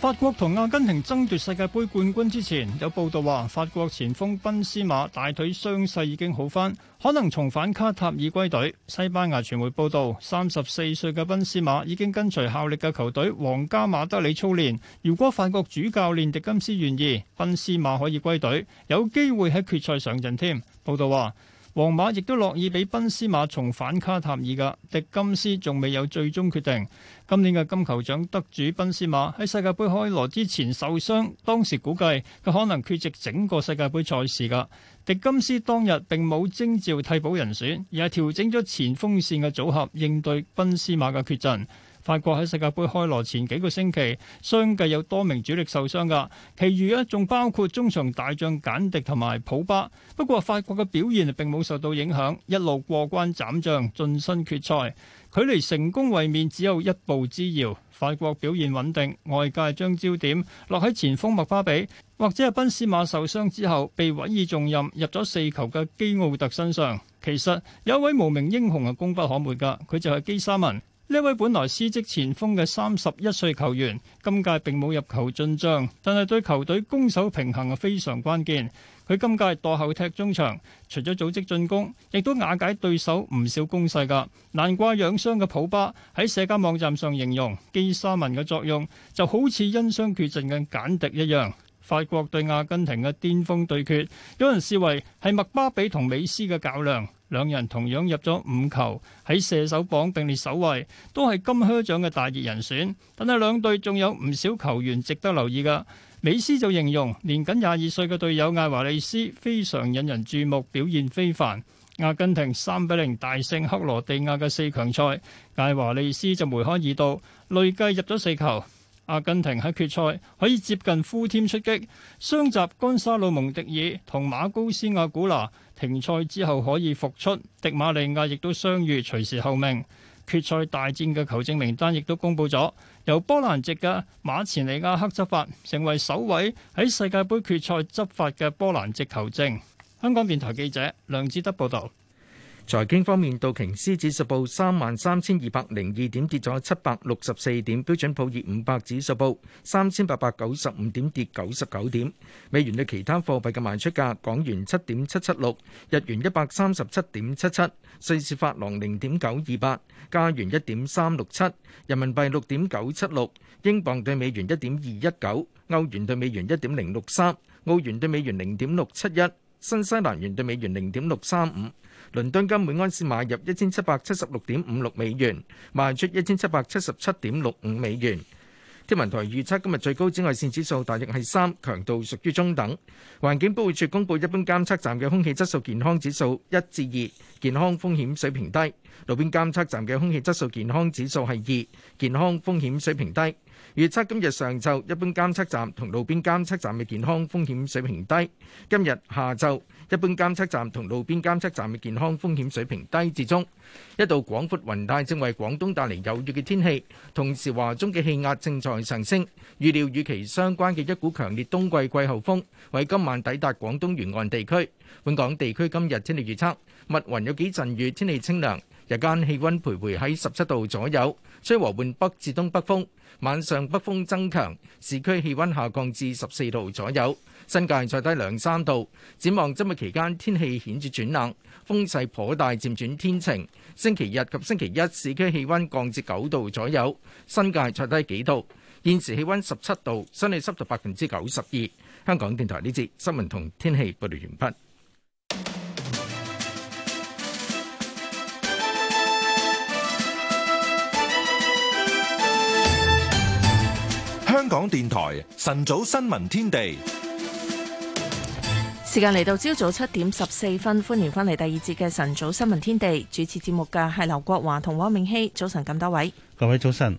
法國同阿根廷爭奪世界盃冠軍之前，有報道話法國前鋒賓斯馬大腿傷勢已經好翻，可能重返卡塔爾歸隊。西班牙傳媒報導，三十四歲嘅賓斯馬已經跟隨效力嘅球隊皇家馬德里操練。如果法國主教練迪金斯願意，賓斯馬可以歸隊，有機會喺決賽上陣添。報道話，皇馬亦都樂意俾賓斯馬重返卡塔爾噶，迪金斯仲未有最終決定。今年嘅金球獎得主賓斯馬喺世界杯開鑼之前受傷，當時估計佢可能缺席整個世界杯賽事噶。迪金斯當日並冇徵召替補人選，而係調整咗前鋒線嘅組合應對賓斯馬嘅缺陣。法國喺世界盃開鑼前幾個星期，相繼有多名主力受傷嘅，其餘咧、啊、仲包括中場大將簡迪同埋普巴。不過法國嘅表現並冇受到影響，一路過關斬將，晉身決賽，距離成功衛冕只有一步之遙。法國表現穩定，外界將焦點落喺前鋒麥巴比或者係賓斯馬受傷之後被委以重任，入咗四球嘅基奧特身上。其實有一位無名英雄係功不可沒嘅，佢就係基沙文。呢位本來司職前鋒嘅三十一歲球員，今屆並冇入球進賬，但係對球隊攻守平衡係非常關鍵。佢今屆墮後踢中場，除咗組織進攻，亦都瓦解對手唔少攻勢噶。難怪養傷嘅普巴喺社交網站上形容基沙文嘅作用就好似因傷缺陣嘅簡迪一樣。法國對阿根廷嘅巔峯對決，有人視為係麥巴比同美斯嘅較量。兩人同樣入咗五球，喺射手榜並列首位，都係金靴獎嘅大熱人選。但係兩隊仲有唔少球員值得留意㗎。美斯就形容年僅廿二歲嘅隊友艾華利斯非常引人注目，表現非凡。阿根廷三比零大勝克羅地亞嘅四強賽，艾華利斯就梅開二度，累計入咗四球。阿根廷喺決賽可以接近 full team 出擊，雙閘干沙魯蒙迪爾同馬高斯亞古拿停賽之後可以復出，迪馬利亞亦都傷愈隨時候命。決賽大戰嘅球證名單亦都公布咗，由波蘭籍嘅馬前尼亞克執法，成為首位喺世界杯決賽執法嘅波蘭籍球證。香港電台記者梁志德報道。財經方面，道瓊斯指數報三萬三千二百零二點，跌咗七百六十四點；標準普爾五百指數報三千八百九十五點，跌九十九點。美元對其他貨幣嘅賣出價：港元七點七七六，日元一百三十七點七七，瑞士法郎零點九二八，加元一點三六七，人民幣六點九七六，英鎊對美元一點二一九，歐元對美元一點零六三，澳元對美元零點六七一，新西蘭元對美元零點六三五。倫敦金每安士買入一千七百七十六點五六美元，賣出一千七百七十七點六五美元。天文台預測今日最高紫外線指數大約係三，強度屬於中等。環境保護署公布一般監測站嘅空氣質素健康指數一至二，健康風險水平低。路邊監測站嘅空氣質素健康指數係二，健康風險水平低。預測今日上晝一般監測站同路邊監測站嘅健康風險水平低。今日下晝一般監測站同路邊監測站嘅健康風險水平低至中。一道廣闊雲帶正為廣東帶嚟有雨嘅天氣，同時華中嘅氣壓正在上升，預料與其相關嘅一股強烈冬季季候風，會今晚抵達廣東沿岸地區。本港地區今日天氣預測：密雲有幾陣雨，天氣清涼。日間氣溫徘徊喺十七度左右，吹和緩北至東北風。晚上北風增強，市區氣溫下降至十四度左右，新界再低兩三度。展望周末期間天氣顯著轉冷，風勢頗大，漸轉天晴。星期日及星期一市區氣溫降至九度左右，新界再低幾度。現時氣溫十七度，相對濕度百分之九十二。香港電台呢節新聞同天氣報道完畢。香港電台晨早新聞天地，時間嚟到朝早七點十四分，歡迎翻嚟第二節嘅晨早新聞天地。主持節目嘅係劉國華同汪明熙。早晨，咁多位，各位早晨。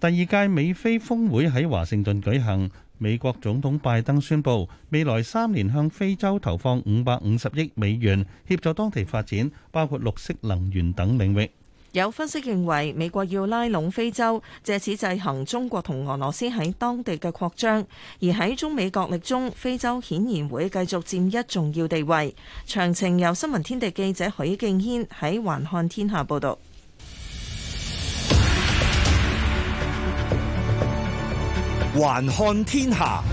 第二屆美非峰會喺華盛頓舉行，美國總統拜登宣布，未來三年向非洲投放五百五十億美元，協助當地發展，包括綠色能源等領域。有分析認為，美國要拉攏非洲，借此制衡中國同俄羅斯喺當地嘅擴張。而喺中美角力中，非洲顯然會繼續佔一重要地位。詳情由新聞天地記者許敬軒喺《環看天下》報道。環看天下。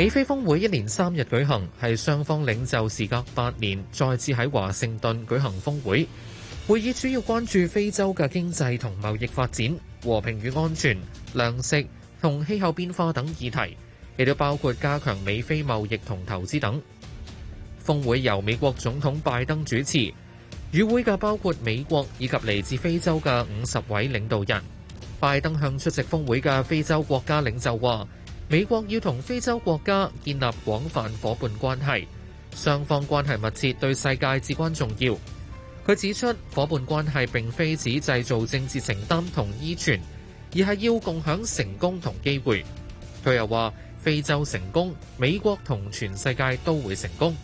美非峰會一連三日舉行，係雙方領袖時隔八年再次喺華盛頓舉行峰會。會議主要關注非洲嘅經濟同貿易發展、和平與安全、糧食同氣候變化等議題，亦都包括加強美非貿易同投資等。峰會由美國總統拜登主持，與會嘅包括美國以及嚟自非洲嘅五十位領導人。拜登向出席峰會嘅非洲國家領袖話。美國要同非洲國家建立廣泛伙伴關係，雙方關係密切，對世界至關重要。佢指出，伙伴關係並非只製造政治承擔同依存，而係要共享成功同機會。佢又話：非洲成功，美國同全世界都會成功。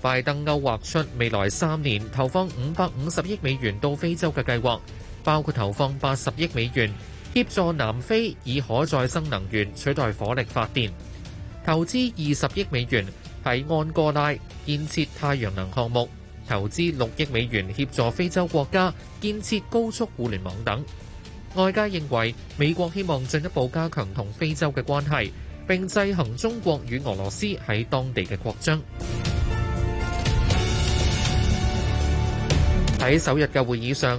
拜登勾劃出未來三年投放五百五十億美元到非洲嘅計劃，包括投放八十億美元。協助南非以可再生能源取代火力發電，投資二十億美元喺安哥拉建設太陽能項目，投資六億美元協助非洲國家建設高速互聯網等。外界認為美國希望進一步加強同非洲嘅關係，並制衡中國與俄羅斯喺當地嘅擴張。喺首日嘅會議上，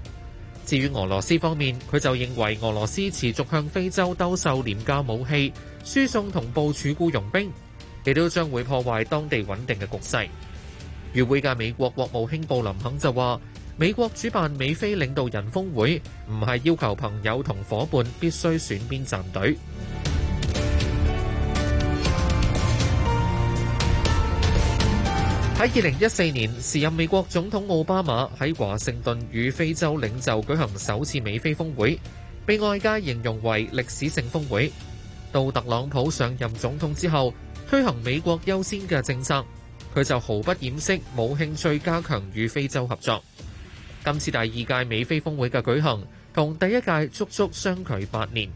至於俄羅斯方面，佢就認為俄羅斯持續向非洲兜售廉價武器、輸送同部署僱傭兵，亦都將會破壞當地穩定嘅局勢。與會嘅美國國務卿布林肯就話：美國主辦美非領導人峰會，唔係要求朋友同伙伴必須選邊站隊。喺二零一四年，時任美國總統奧巴馬喺華盛頓與非洲領袖舉行首次美非峰會，被外界形容為歷史性峰會。到特朗普上任總統之後，推行美國優先嘅政策，佢就毫不掩飾冇興趣加強與非洲合作。今次第二屆美非峰會嘅舉行，同第一屆足足相距八年。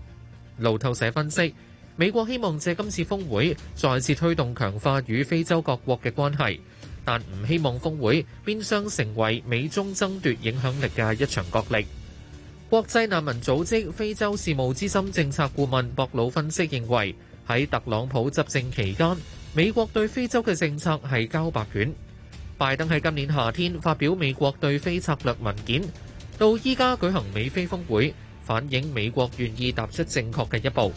路透社分析，美國希望借今次峰會再次推動強化與非洲各國嘅關係。但唔希望峯會變相成為美中爭奪影響力嘅一場角力。國際難民組織非洲事務資深政策顧問博魯分析認為，喺特朗普執政期間，美國對非洲嘅政策係交白卷。拜登喺今年夏天發表美國對非策略文件，到依家舉行美非峯會，反映美國願意踏出正確嘅一步。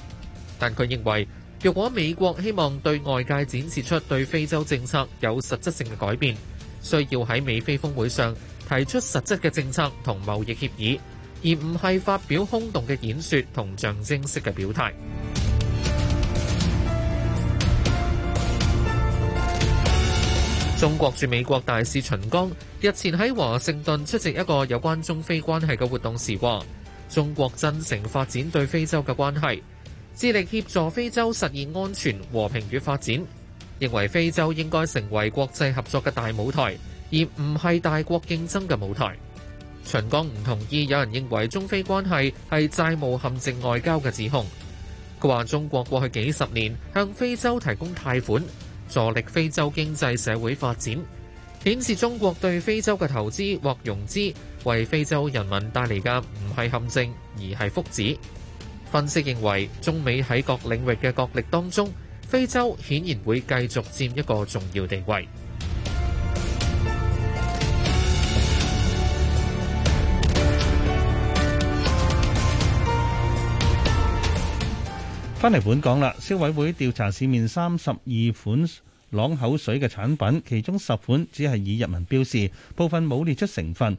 但佢認為，若果美國希望對外界展示出對非洲政策有實質性嘅改變，需要喺美非峰會上提出實質嘅政策同貿易協議，而唔係發表空洞嘅演說同象徵式嘅表態。 中國駐美國大使秦剛日前喺華盛頓出席一個有關中非關係嘅活動時話：中國真誠發展對非洲嘅關係。致力協助非洲實現安全、和平與發展，認為非洲應該成為國際合作嘅大舞台，而唔係大國競爭嘅舞台。秦剛唔同意有人認為中非關係係債務陷阱外交嘅指控。佢話：中國過去幾十年向非洲提供貸款，助力非洲經濟社會發展，顯示中國對非洲嘅投資或融資為非洲人民帶嚟嘅唔係陷阱，而係福祉。分析認為，中美喺各領域嘅角力當中，非洲顯然會繼續佔一個重要地位。翻嚟本港啦，消委會調查市面三十二款漱口水嘅產品，其中十款只係以日文標示，部分冇列出成分。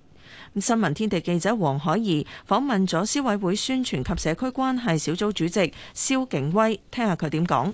新聞天地記者黃海怡訪問咗消委會宣傳及社區關係小組主席蕭景威，聽下佢點講。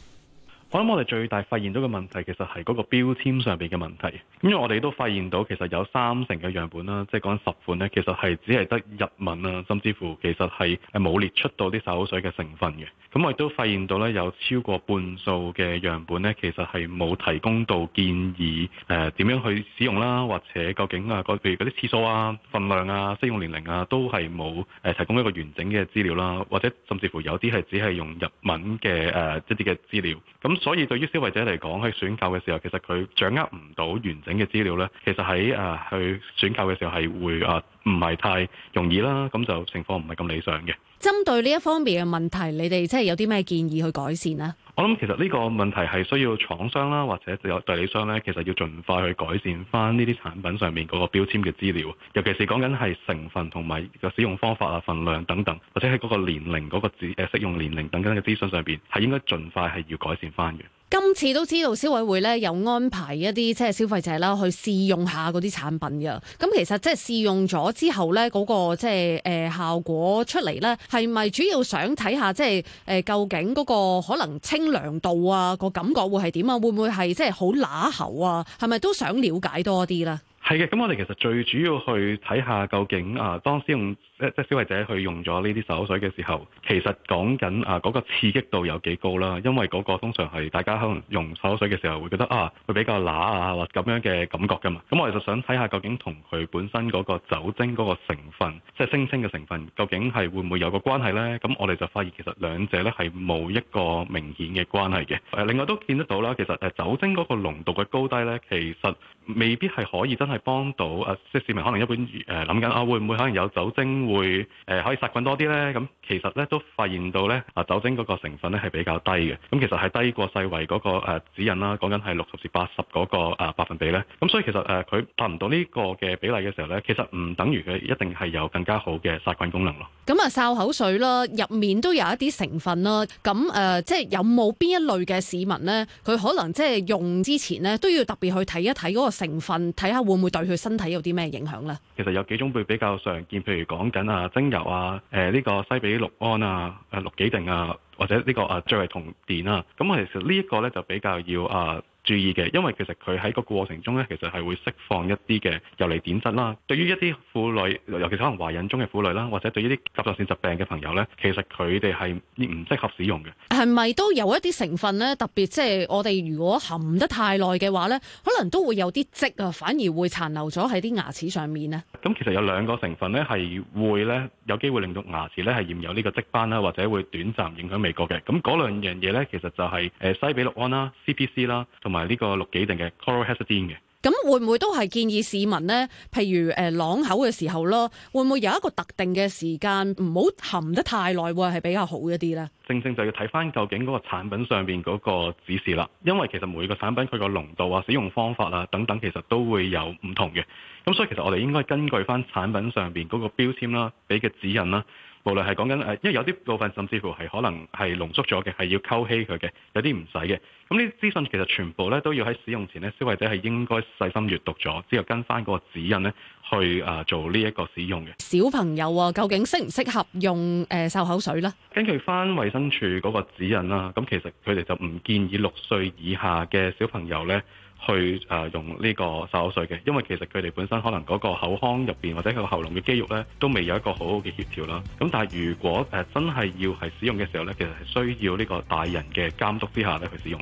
我諗我哋最大發現到嘅問，問題，其實係嗰個標籤上邊嘅問題。咁因為我哋都發現到，其實有三成嘅樣本啦，即係講十款呢，其實係只係得日文啊，甚至乎其實係係冇列出到啲漱口水嘅成分嘅。咁我亦都發現到咧，有超過半數嘅樣本呢，其實係冇提供到建議誒點樣去使用啦，或者究竟啊譬如嗰啲次數啊、份量啊、適用年齡啊，都係冇誒提供一個完整嘅資料啦，或者甚至乎有啲係只係用日文嘅誒一啲嘅資料咁。嗯所以對於消費者嚟講，喺選購嘅時候，其實佢掌握唔到完整嘅資料呢。其實喺誒去選購嘅時候係會誒唔係太容易啦，咁就情況唔係咁理想嘅。針對呢一方面嘅問題，你哋即係有啲咩建議去改善呢？我諗其實呢個問題係需要廠商啦，或者有代理商呢，其實要盡快去改善翻呢啲產品上面嗰個標籤嘅資料，尤其是講緊係成分同埋個使用方法啊、份量等等，或者喺嗰個年齡嗰個指誒適用年齡等等嘅資訊上邊，係應該盡快係要改善翻嘅。今次都知道消委會咧，有安排一啲即係消費者啦去試用下嗰啲產品嘅。咁其實即係試用咗之後咧，嗰個即係誒效果出嚟咧係咪主要想睇下即係誒究竟嗰個可能清涼度啊，個感覺會係點啊，會唔會係即係好乸喉啊，係咪都想了解多啲咧？係嘅，咁我哋其實最主要去睇下究竟啊，當試用。即係消費者去用咗呢啲手水嘅時候，其實講緊啊嗰個刺激度有幾高啦，因為嗰個通常係大家可能用手水嘅時候會覺得啊，會比較乸啊或咁樣嘅感覺噶嘛。咁我哋就想睇下究竟同佢本身嗰個酒精嗰個成分，即係聲稱嘅成分，究竟係會唔會有個關係呢？咁我哋就發現其實兩者呢係冇一個明顯嘅關係嘅。誒另外都見得到啦，其實誒酒精嗰個濃度嘅高低呢，其實未必係可以真係幫到啊！即係市民可能一般誒諗緊啊，會唔會可能有酒精？會誒、呃、可以殺菌多啲咧，咁、嗯、其實咧都發現到咧啊，酒精嗰個成分咧係比較低嘅，咁、嗯、其實係低過世衞嗰、嗰個、呃、指引啦，講緊係六十至八十嗰個啊、呃、百分比咧，咁、嗯、所以其實誒佢達唔到呢個嘅比例嘅時候咧，其實唔等於佢一定係有更加好嘅殺菌功能咯。咁啊，漱口水啦，入面都有一啲成分啦，咁誒即係有冇邊一類嘅市民呢？佢可能即係用之前呢，都要特別去睇一睇嗰個成分，睇下會唔會對佢身體有啲咩影響咧？其實有幾種會比較常見，譬如講。啊，精油啊，誒，呢個西比氯胺啊，誒，氯己定啊，或者呢、這個啊，聚維酮碘啊，咁啊，其實呢一個咧就比較要啊。注意嘅，因為其實佢喺個過程中咧，其實係會釋放一啲嘅游離碘質啦。對於一啲婦女，尤其可能懷孕中嘅婦女啦，或者對呢啲甲狀腺疾病嘅朋友咧，其實佢哋係唔適合使用嘅。係咪都有一啲成分咧？特別即係我哋如果含得太耐嘅話咧，可能都會有啲積啊，反而會殘留咗喺啲牙齒上面呢。咁其實有兩個成分咧，係會咧有機會令到牙齒咧係染有呢個積斑啦，或者會短暫影響味覺嘅。咁嗰兩樣嘢咧，其實就係誒西比氯胺啦、CPC 啦，同埋。係呢個六幾定嘅 chlorhexidine 嘅，咁會唔會都係建議市民呢？譬如誒、呃，朗口嘅時候咯，會唔會有一個特定嘅時間唔好含得太耐，啊，係比較好一啲呢？正正就要睇翻究竟嗰個產品上邊嗰個指示啦，因為其實每個產品佢個濃度啊、使用方法啦等等，其實都會有唔同嘅。咁所以其實我哋應該根據翻產品上邊嗰個標籤啦、啊，俾嘅指引啦、啊。無論係講緊誒，因為有啲部分甚至乎係可能係濃縮咗嘅，係要溝稀佢嘅，有啲唔使嘅。咁呢啲資訊其實全部咧都要喺使用前咧，消費者係應該細心閱讀咗，之後跟翻嗰個指引咧去誒做呢一個使用嘅。小朋友啊，究竟適唔適合用誒、呃、漱口水咧？根據翻衞生署嗰個指引啦、啊，咁其實佢哋就唔建議六歲以下嘅小朋友咧。去誒用呢個漱口水嘅，因為其實佢哋本身可能嗰個口腔入邊或者佢喉嚨嘅肌肉呢，都未有一個好好嘅協調啦。咁但係如果誒真係要係使用嘅時候呢，其實係需要呢個大人嘅監督之下呢去使用。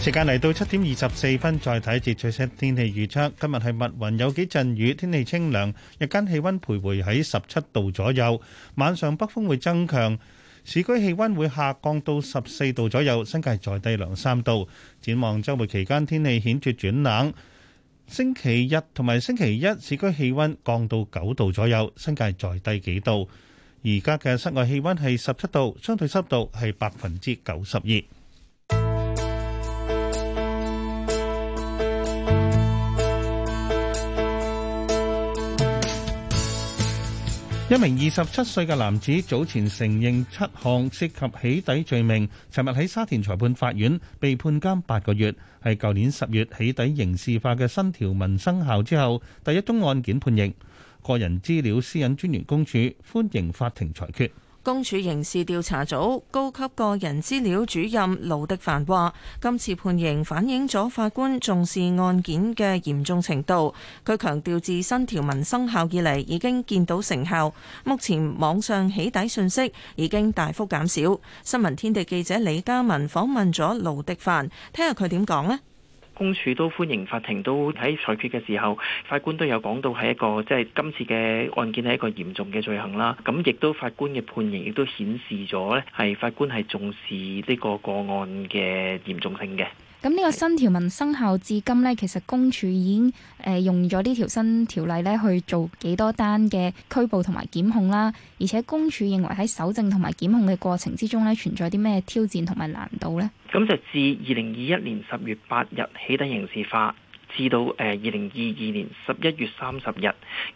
時間嚟到七點二十四分，再睇一節最新天氣預測。今日係密雲有幾陣雨，天氣清涼，日間氣温徘徊喺十七度左右，晚上北風會增強。市區氣溫會下降到十四度左右，新界再低兩三度。展望周末期間天氣顯著轉冷，星期日同埋星期一市區氣溫降到九度左右，新界再低幾度。而家嘅室外氣溫係十七度，相對濕度係百分之九十二。一名二十七歲嘅男子早前承認七項涉及起底罪名，尋日喺沙田裁判法院被判監八個月，係舊年十月起底刑事化嘅新條文生效之後第一宗案件判刑。個人資料私隱專員公署歡迎法庭裁決。公署刑事調查組高級個人資料主任盧迪凡話，今次判刑反映咗法官重視案件嘅嚴重程度。佢強調，自新條文生效以嚟，已經見到成效，目前網上起底信息，已經大幅減少。新聞天地記者李嘉文訪問咗盧迪凡，聽下佢點講呢。公署都歡迎法庭都喺裁決嘅時候，法官都有講到係一個即係、就是、今次嘅案件係一個嚴重嘅罪行啦。咁亦都法官嘅判刑亦都顯示咗咧，係法官係重視呢個個案嘅嚴重性嘅。咁呢個新條文生效至今呢，其實公署已經誒，用咗呢條新條例咧，去做幾多單嘅拘捕同埋檢控啦。而且公署認為喺搜證同埋檢控嘅過程之中呢，存在啲咩挑戰同埋難度呢？咁就自二零二一年十月八日起，起底刑事化。至到誒二零二二年十一月三十日，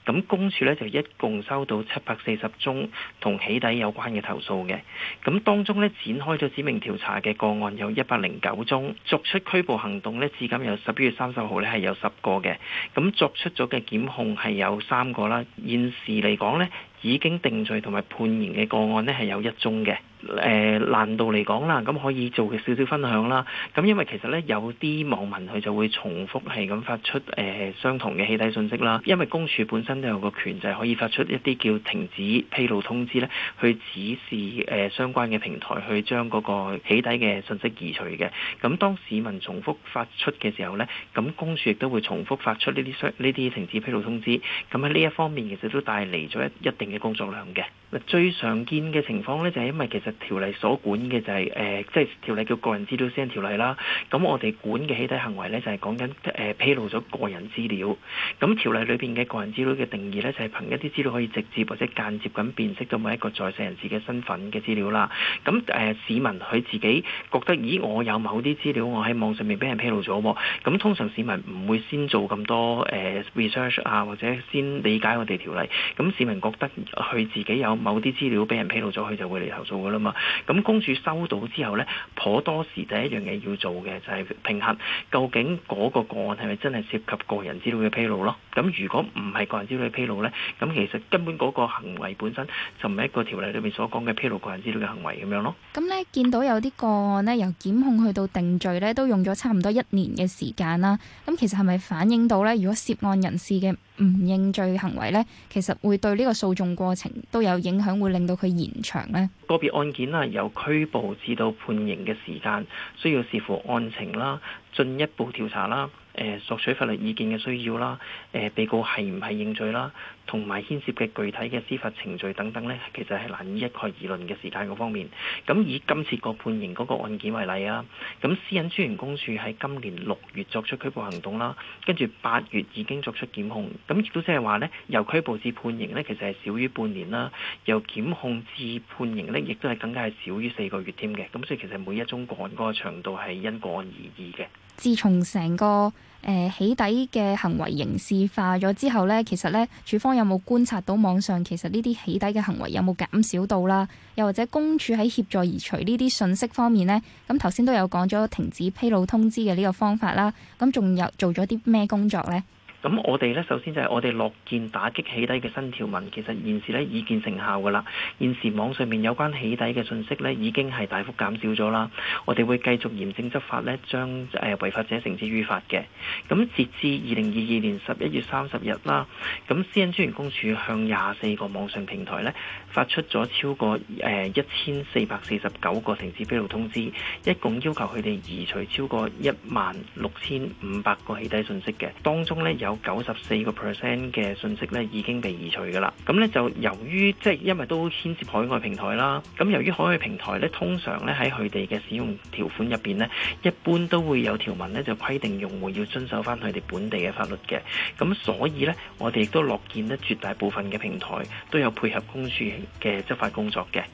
咁公署呢就一共收到七百四十宗同起底有關嘅投訴嘅。咁當中呢，展開咗指名調查嘅個案有一百零九宗，作出拘捕行動呢，至今有十一月三十號呢係有十個嘅。咁作出咗嘅檢控係有三個啦。現時嚟講呢，已經定罪同埋判刑嘅個案呢係有一宗嘅。誒難度嚟講啦，咁可以做嘅少少分享啦。咁因為其實呢，有啲網民佢就會重複係咁發出誒相同嘅起底信息啦。因為公署本身都有個權，就係可以發出一啲叫停止披露通知呢，去指示誒相關嘅平台去將嗰個起底嘅信息移除嘅。咁當市民重複發出嘅時候呢，咁公署亦都會重複發出呢啲呢啲停止披露通知。咁喺呢一方面其實都帶嚟咗一一定嘅工作量嘅。最常見嘅情況呢，就係因為其實。條例所管嘅就係、是、誒、呃，即係條例叫個人資料私隱條例啦。咁我哋管嘅起底行為呢，就係、是、講緊誒、呃、披露咗個人資料。咁條例裏邊嘅個人資料嘅定義呢，就係、是、憑一啲資料可以直接或者間接咁辨識到每一個在世人士嘅身份嘅資料啦。咁誒、呃、市民佢自己覺得，咦，我有某啲資料，我喺網上面俾人披露咗。咁通常市民唔會先做咁多誒、呃、research 啊，或者先理解我哋條例。咁市民覺得佢自己有某啲資料俾人披露咗，佢就會嚟投訴噶啦。咁公署收到之後呢，頗多時第一樣嘢要做嘅，就係平衡究竟嗰個個案係咪真係涉及個人資料嘅披露咯？咁如果唔係個人資料嘅披露呢，咁其實根本嗰個行為本身就唔係一個條例裏面所講嘅披露個人資料嘅行為咁樣咯。咁呢，見到有啲個案呢，由檢控去到定罪呢，都用咗差唔多一年嘅時間啦。咁其實係咪反映到呢？如果涉案人士嘅唔認罪行為咧，其實會對呢個訴訟過程都有影響，會令到佢延長呢，個別案件啊，由拘捕至到判刑嘅時間，需要視乎案情啦，進一步調查啦，誒、呃、索取法律意見嘅需要啦，誒、呃、被告係唔係認罪啦，同埋牽涉嘅具體嘅司法程序等等呢，其實係難以一概而論嘅時間嗰方面。咁以今次個判刑嗰個案件為例啊，咁私隱專員公署喺今年六月作出拘捕行動啦，跟住八月已經作出檢控，咁亦都即係話呢，由拘捕至判刑呢，其實係少於半年啦；由檢控至判刑呢，亦都係更加係少於四個月添嘅。咁所以其實每一宗個案嗰個長度係因個案而異嘅。自從成個誒起底嘅行為刑事化咗之後咧，其實咧，處方有冇觀察到網上其實呢啲起底嘅行為有冇減少到啦？又或者公署喺協助移除呢啲訊息方面咧，咁頭先都有講咗停止披露通知嘅呢個方法啦。咁仲有做咗啲咩工作咧？咁我哋呢首先就係我哋樂見打擊起底嘅新條文，其實現時呢已見成效噶啦。現時網上面有關起底嘅信息呢已經係大幅減少咗啦。我哋會繼續嚴正執法呢將誒違法者繩之於法嘅。咁截至二零二二年十一月三十日啦，咁私隱專員公署向廿四個網上平台呢發出咗超過誒一千四百四十九個停止披露通知，一共要求佢哋移除超過一萬六千五百個起底信息嘅，當中呢有。嗯九十四個 percent 嘅信息咧已經被移除噶啦，咁咧就由於即係因為都牽涉海外平台啦，咁由於海外平台咧通常咧喺佢哋嘅使用條款入邊咧，一般都會有條文咧就規定用戶要遵守翻佢哋本地嘅法律嘅，咁所以咧我哋亦都樂見咧絕大部分嘅平台都有配合公署嘅執法工作嘅。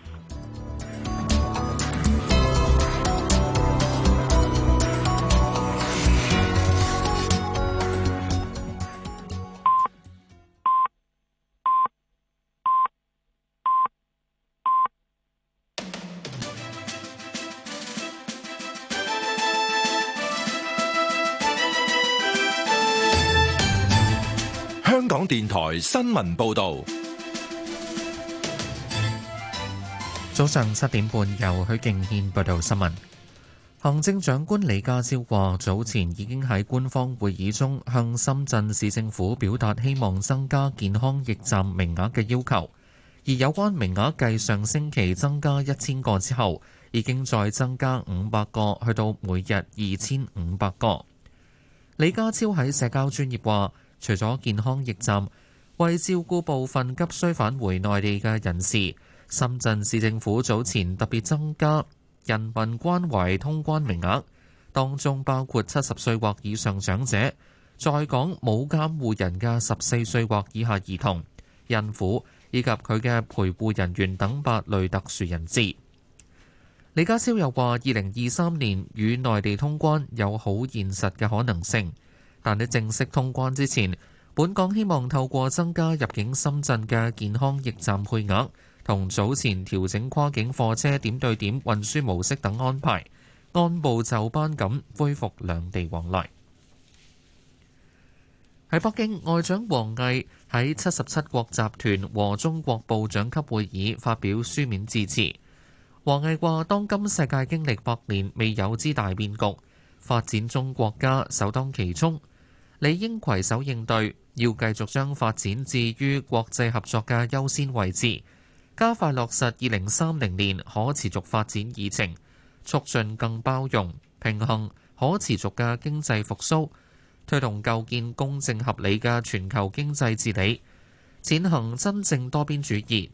港電台新聞報道，早上七點半由許敬軒報道新聞。行政長官李家超話，早前已經喺官方會議中向深圳市政府表達希望增加健康驛站名額嘅要求，而有關名額繼上星期增加一千個之後，已經再增加五百個，去到每日二千五百個。李家超喺社交專業話。除咗健康驛站，為照顧部分急需返回內地嘅人士，深圳市政府早前特別增加人民關懷通關名額，當中包括七十歲或以上長者、在港冇監護人嘅十四歲或以下兒童、孕婦以及佢嘅陪護人員等八類特殊人士。李家超又話，二零二三年與內地通關有好現實嘅可能性。但喺正式通關之前，本港希望透過增加入境深圳嘅健康驛站配額同早前調整跨境貨車點對點運輸模式等安排，按部就班咁恢復兩地往來。喺北京，外長王毅喺七十七國集團和中國部長級會議發表書面致辭，王毅話當今世界經歷百年未有之大變局，發展中國家首當其衝。理應攜手應對，要繼續將發展置於國際合作嘅優先位置，加快落實二零三零年可持續發展議程，促進更包容、平衡、可持續嘅經濟復甦，推動構建公正合理嘅全球經濟治理，踐行真正多邊主義，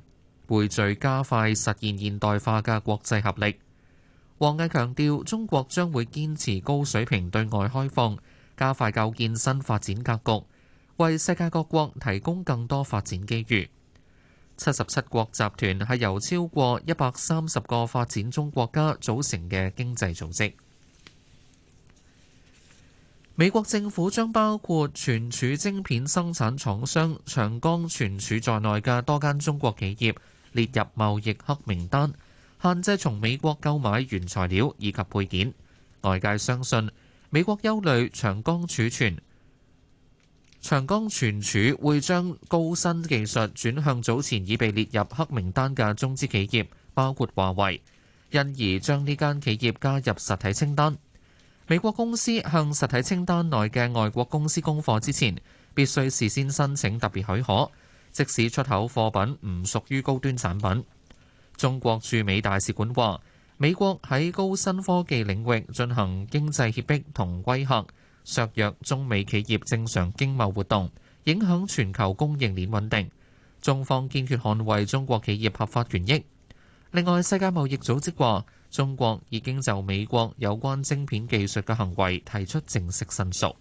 匯聚加快實現現代化嘅國際合力。王毅強調，中國將會堅持高水平對外開放。加快構建新發展格局，為世界各國提供更多發展機遇。七十七國集團係由超過一百三十個發展中國家組成嘅經濟組織。美國政府將包括存儲晶片生產廠商長江存儲在內嘅多間中國企業列入貿易黑名單，限制從美國購買原材料以及配件。外界相信，美國憂慮長江儲存，長江存儲會將高新技術轉向早前已被列入黑名單嘅中資企業，包括華為，因而將呢間企業加入實體清單。美國公司向實體清單內嘅外國公司供貨之前，必須事先申請特別許可，即使出口貨品唔屬於高端產品。中國駐美大使館話，美國喺高新科技領域進行經濟脅迫同威嚇，削弱中美企業正常經貿活動，影響全球供應鏈穩定。中方堅決捍衛中國企業合法權益。另外，世界貿易組織話，中國已經就美國有關晶片技術嘅行為提出正式申訴。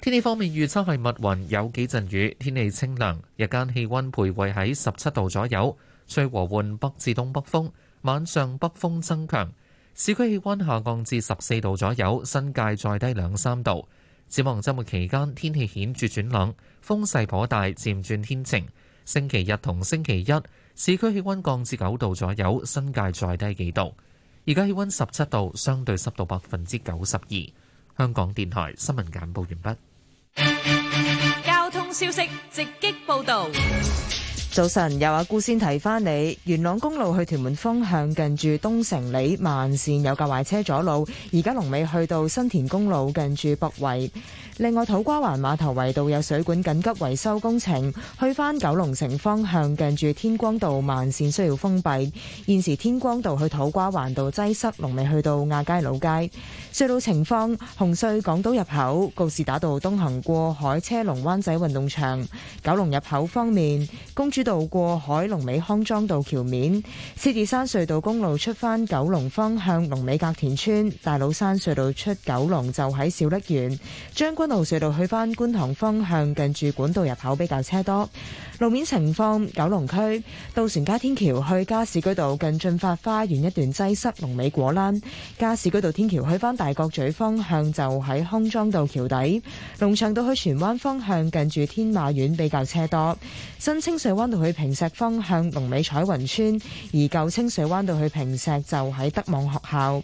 天氣方面，預測係密雲，有幾陣雨，天氣清涼，日間氣温徘徊喺十七度左右，吹和緩北至東北風。晚上北風增強，市區氣温下降至十四度左右，新界再低兩三度。展望周末期間，天氣顯著轉冷，風勢頗大，漸轉天晴。星期日同星期一，市區氣温降至九度左右，新界再低幾度。而家氣温十七度，相對濕度百分之九十二。香港電台新聞簡報完畢。交通消息直擊報道。早晨，又阿姑先提翻你，元朗公路去屯門方向近住東城里慢線有架壞車阻路，而家龍尾去到新田公路近住北圍。另外，土瓜灣碼頭圍道有水管緊急維修工程，去翻九龍城方向近住天光道慢線需要封閉。現時天光道去土瓜灣道擠塞，龍尾去到亞皆老街。隧道情況：紅隧港島入口告士打道東行過海車龍，灣仔運動場九龍入口方面公主渡過海龍尾康莊道橋面，獅子山隧道公路出翻九龍方向龍尾隔田村，大老山隧道出九龍就喺小瀝源，將軍澳隧道去翻觀塘方向，近住管道入口比較車多。路面情況，九龍區渡船街天橋去加士居道近駿發花園一段擠塞，龍尾果欄，加士居道天橋去翻大角咀方向就喺康莊道橋底，龍翔道去荃灣方向近住天馬苑比較車多，新清水灣去坪石方向龍尾彩雲村，而舊清水灣道去坪石就喺德望學校。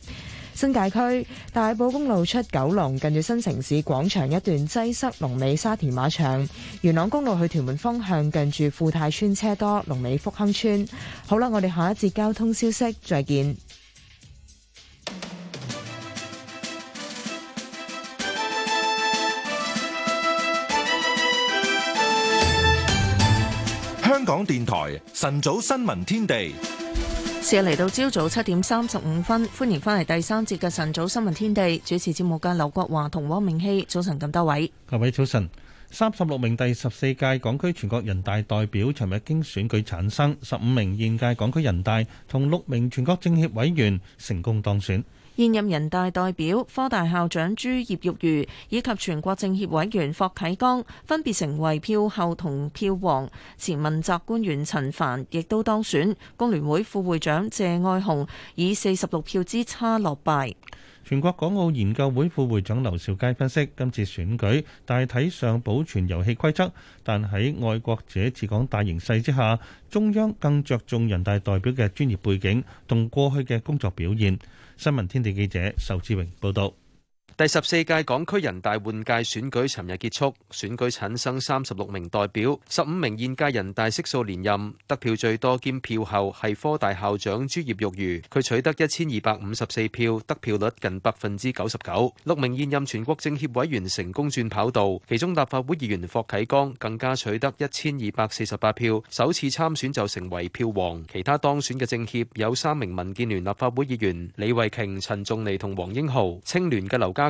新界區大埔公路出九龍近住新城市廣場一段擠塞，龍尾沙田馬場。元朗公路去屯門方向近住富泰村車多，龍尾福亨村好啦，我哋下一節交通消息再見。香港電台晨早新聞天地，時日嚟到朝早七點三十五分，歡迎翻嚟第三節嘅晨早新聞天地，主持節目嘅劉國華同汪明熙，早晨咁多位，各位早晨。三十六名第十四屆港區全國人大代表尋日經選舉產生，十五名現屆港區人大同六名全國政協委員成功當選。現任人大代表、科大校長朱葉玉如，以及全國政協委員霍啟剛分別成為票后同票王。前問責官員陳帆亦都當選。工聯會副會長謝愛紅以四十六票之差落敗。全國港澳研究會副會長劉兆佳分析，今次選舉大體上保存遊戲規則，但喺愛國者治港大形勢之下，中央更着重人大代表嘅專業背景同過去嘅工作表現。新聞天地記者仇志榮報道。第十四屆港區人大換屆選舉尋日結束，選舉產生三十六名代表，十五名現屆人大悉數連任。得票最多兼票後係科大校長朱葉玉如，佢取得一千二百五十四票，得票率近百分之九十九。六名現任全國政協委員成功轉跑道，其中立法會議員霍啟剛更加取得一千二百四十八票，首次參選就成為票王。其他當選嘅政協有三名民建聯立法會議員李慧瓊、陳仲尼同黃英豪，青聯嘅劉家。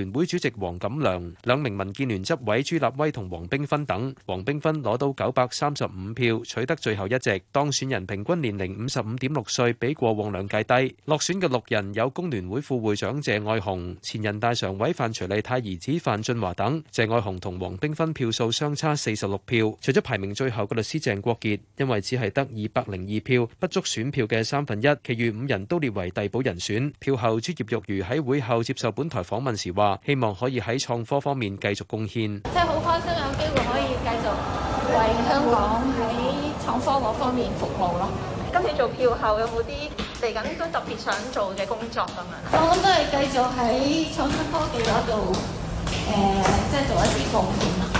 聯會主席黃錦良、兩名民建聯執委朱立威同黃冰芬等，黃冰芬攞到九百三十五票，取得最後一席。當選人平均年齡五十五點六歲，比過往兩屆低。落選嘅六人有工聯會副會長謝愛紅、前人大常委范徐麗泰兒子范駿華等。謝愛紅同黃冰芬票數相差四十六票。除咗排名最後嘅律師鄭國杰，因為只係得二百零二票，不足選票嘅三分一，其餘五人都列為遞補人選。票後，朱葉玉如喺會後接受本台訪問時希望可以喺創科方面繼續貢獻，即係好開心有機會可以繼續為香港喺創科嗰方面服務咯。今次做票後有冇啲嚟緊都特別想做嘅工作咁樣？我都係繼續喺創新科技嗰度，誒、呃，即係做一啲貢獻。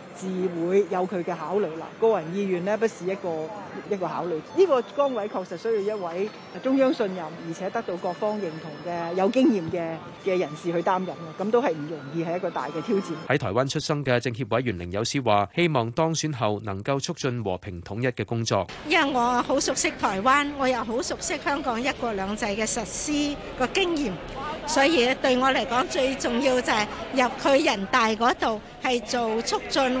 自會有佢嘅考慮啦，個人意願咧不是一個一個考慮。呢個崗位確實需要一位中央信任，而且得到各方認同嘅有經驗嘅嘅人士去擔任啊！咁都係唔容易，係一個大嘅挑戰。喺台灣出生嘅政協委員凌友詩話：希望當選後能夠促進和平統一嘅工作。因為我好熟悉台灣，我又好熟悉香港一國兩制嘅實施個經驗，所以咧對我嚟講最重要就係入去人大嗰度係做促進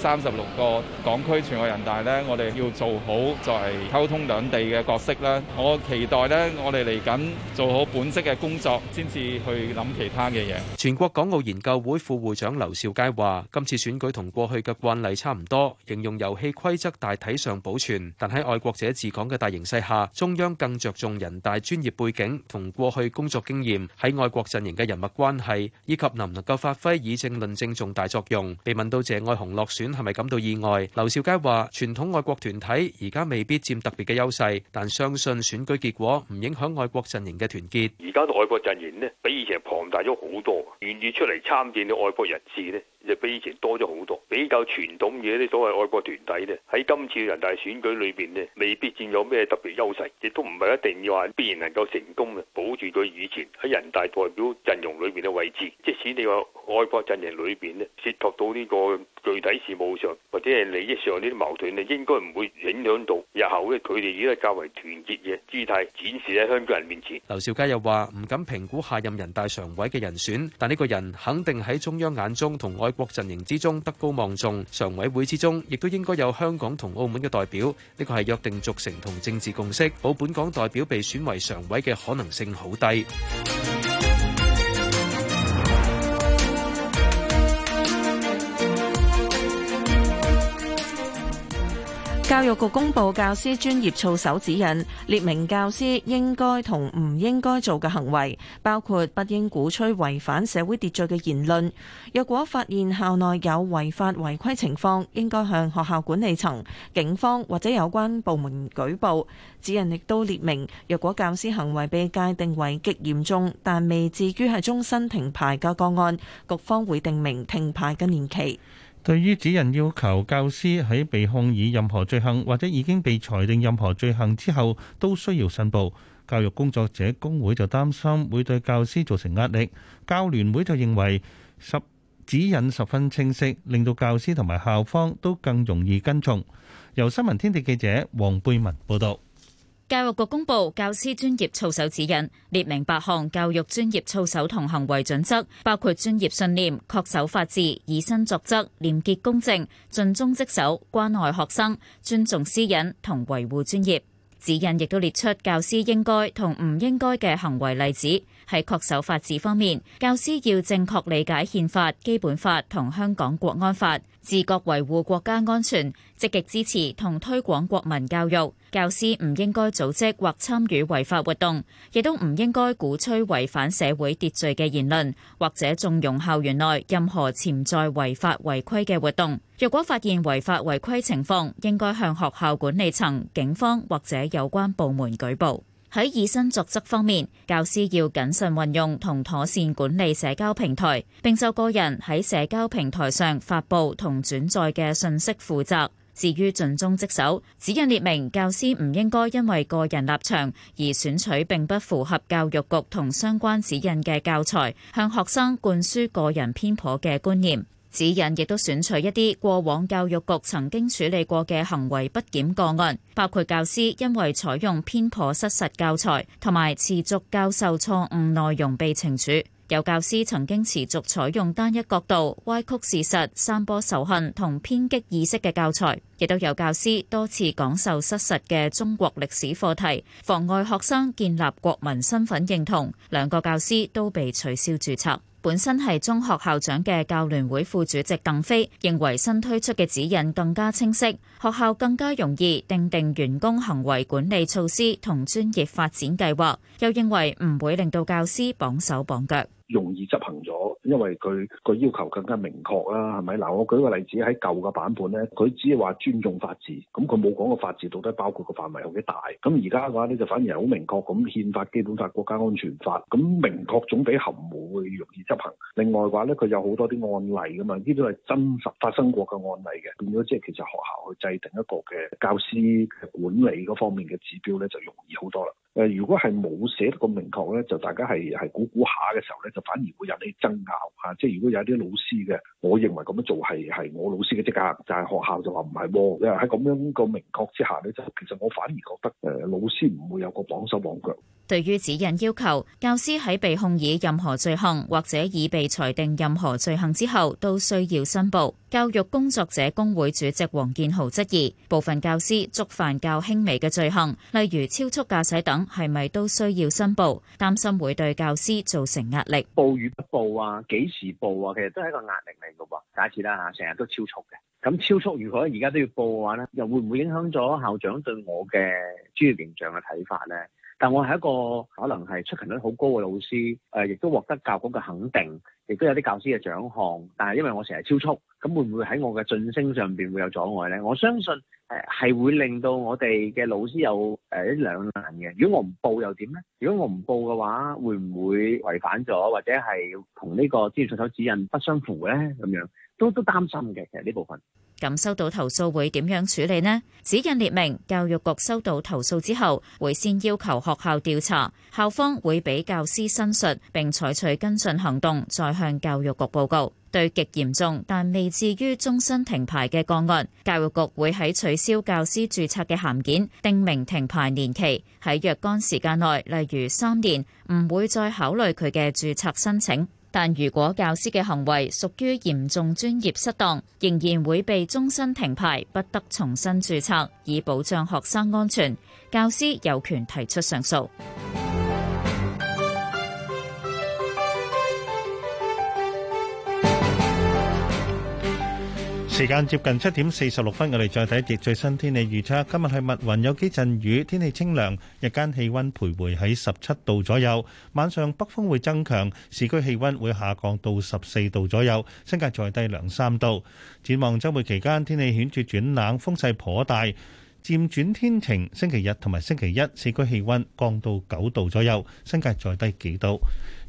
三十六個港區全國人大咧，我哋要做好作為溝通兩地嘅角色咧。我期待咧，我哋嚟緊做好本職嘅工作，先至去諗其他嘅嘢。全國港澳研究會副會長劉兆佳話，今次選舉同過去嘅慣例差唔多，形容遊戲規則大體上保存，但喺愛國者治港嘅大形勢下，中央更著重人大專業背景同過去工作經驗，喺愛國陣營嘅人物關係，以及能唔能夠發揮以政論政重大作用。被問到謝愛紅落選，係咪感到意外？劉兆佳話：傳統愛國團體而家未必佔特別嘅優勢，但相信選舉結果唔影響愛國陣營嘅團結。而家嘅愛國陣營呢，比以前龐大咗好多，願意出嚟參戰嘅愛國人士呢，就比以前多咗好多。比較傳統嘅啲所謂愛國團體呢，喺今次人大選舉裏邊呢，未必佔咗咩特別優勢，亦都唔係一定要話必然能夠成功嘅保住佢以前喺人大代表陣容裏邊嘅位置。即使你話愛國陣營裏邊呢，涉及到呢個具體事上或者係利益上呢啲矛盾咧，應該唔會影響到日後咧，佢哋以較為團結嘅姿態展示喺香港人面前。劉少佳又話：唔敢評估下任人大常委嘅人選，但呢個人肯定喺中央眼中同外國陣營之中德高望重，常委會之中亦都應該有香港同澳門嘅代表。呢個係約定俗成同政治共識，冇本港代表被選為常委嘅可能性好低。教育局公布教師專業操守指引，列明教師應該同唔應該做嘅行為，包括不應鼓吹違反社會秩序嘅言論。若果發現校內有違法違規情況，應該向學校管理層、警方或者有關部門舉報。指引亦都列明，若果教師行為被界定為極嚴重，但未至於係終身停牌嘅個案，局方會定明停牌嘅年期。對於指引要求教師喺被控以任何罪行或者已經被裁定任何罪行之後，都需要申報。教育工作者工會就擔心會對教師造成壓力。教聯會就認為十指引十分清晰，令到教師同埋校方都更容易跟從。由新聞天地記者黃貝文報道。教育局公布教師專業操守指引，列明八項教育專業操守同行為準則，包括專業信念、恪守法治、以身作則、廉潔公正、盡忠職守、關愛學生、尊重私隱同維護專業。指引亦都列出教師應該同唔應該嘅行為例子。喺恪守法治方面，教師要正確理解憲法、基本法同香港國安法，自覺維護國家安全，積極支持同推廣國民教育。教師唔應該組織或參與違法活動，亦都唔應該鼓吹違反社會秩序嘅言論，或者縱容校園內任何潛在違法違規嘅活動。若果發現違法違規情況，應該向學校管理層、警方或者有關部門舉報。喺以身作則方面，教師要謹慎運用同妥善管理社交平台，並就個人喺社交平台上發布同轉載嘅信息負責。至於盡忠職守，指引列明教師唔應該因為個人立場而選取並不符合教育局同相關指引嘅教材，向學生灌輸個人偏頗嘅觀念。指引亦都選取一啲過往教育局曾經處理過嘅行為不檢個案，包括教師因為採用偏頗失實教材同埋持續教授錯誤內容被懲處。有教師曾經持續採用單一角度、歪曲事實、散播仇恨同偏激意識嘅教材，亦都有教師多次講授失實嘅中國歷史課題，妨礙學生建立國民身份認同。兩個教師都被取消註冊。本身係中學校長嘅教聯會副主席鄧飛認為新推出嘅指引更加清晰，學校更加容易訂定員工行為管理措施同專業發展計劃，又認為唔會令到教師綁手綁腳。容易執行咗，因為佢個要求更加明確啦，係咪？嗱，我舉個例子喺舊嘅版本咧，佢只係話尊重法治，咁佢冇講個法治到底包括個範圍有幾大。咁而家嘅話咧，就反而係好明確，咁憲法、基本法、國家安全法，咁明確總比含糊嘅容易執行。另外嘅話咧，佢有好多啲案例噶嘛，呢啲都係真實發生過嘅案例嘅，變咗即係其實學校去制定一個嘅教師嘅管理嗰方面嘅指標咧，就容易好多啦。誒、呃，如果係冇寫得咁明確咧，就大家係係估估下嘅時候咧，就反而會引起爭拗吓、啊。即係如果有啲老師嘅，我認為咁樣做係係我老師嘅職責，就係學校就話唔係。因為喺咁樣個明確之下咧，就其實我反而覺得誒、呃，老師唔會有個綁手綁腳。對於指引要求，教師喺被控以任何罪行或者已被裁定任何罪行之後，都需要申報。教育工作者工會主席黃建豪質疑：部分教師觸犯較輕微嘅罪行，例如超速駕駛等，係咪都需要申報？擔心會對教師造成壓力。報與不報啊？幾時報啊？其實都係一個壓力嚟嘅噃。假設啦嚇，成日都超速嘅，咁超速如果而家都要報嘅話呢，又會唔會影響咗校長對我嘅專業形象嘅睇法呢？但我係一個可能係出勤率好高嘅老師，誒、呃、亦都獲得教局嘅肯定，亦都有啲教師嘅獎項。但係因為我成日超速，咁會唔會喺我嘅晉升上面會有阻礙呢？我相信誒係、呃、會令到我哋嘅老師有誒一、呃、兩難嘅。如果我唔報又點呢？如果我唔報嘅話，會唔會違反咗或者係同呢個專業操守指引不相符呢？咁樣都都擔心嘅，其實呢部分。咁收到投訴會點樣處理呢？指引列明，教育局收到投訴之後，會先要求學校調查，校方會俾教師申述並採取跟進行動，再向教育局報告。對極嚴重但未至於終身停牌嘅個案，教育局會喺取消教師註冊嘅函件定明停牌年期，喺若干時間內，例如三年，唔會再考慮佢嘅註冊申請。但如果教師嘅行為屬於嚴重專業失當，仍然會被終身停牌，不得重新註冊，以保障學生安全。教師有權提出上訴。時間接近七點四十六分，我哋再睇一節最新天氣預測。今日係密雲有幾陣雨，天氣清涼，日間氣温徘徊喺十七度左右。晚上北風會增強，市區氣温會下降到十四度左右，新界再低兩三度。展望周末期間，天氣顯著轉冷，風勢頗大，漸轉天晴。星期日同埋星期一，市區氣温降到九度左右，新界再低幾度。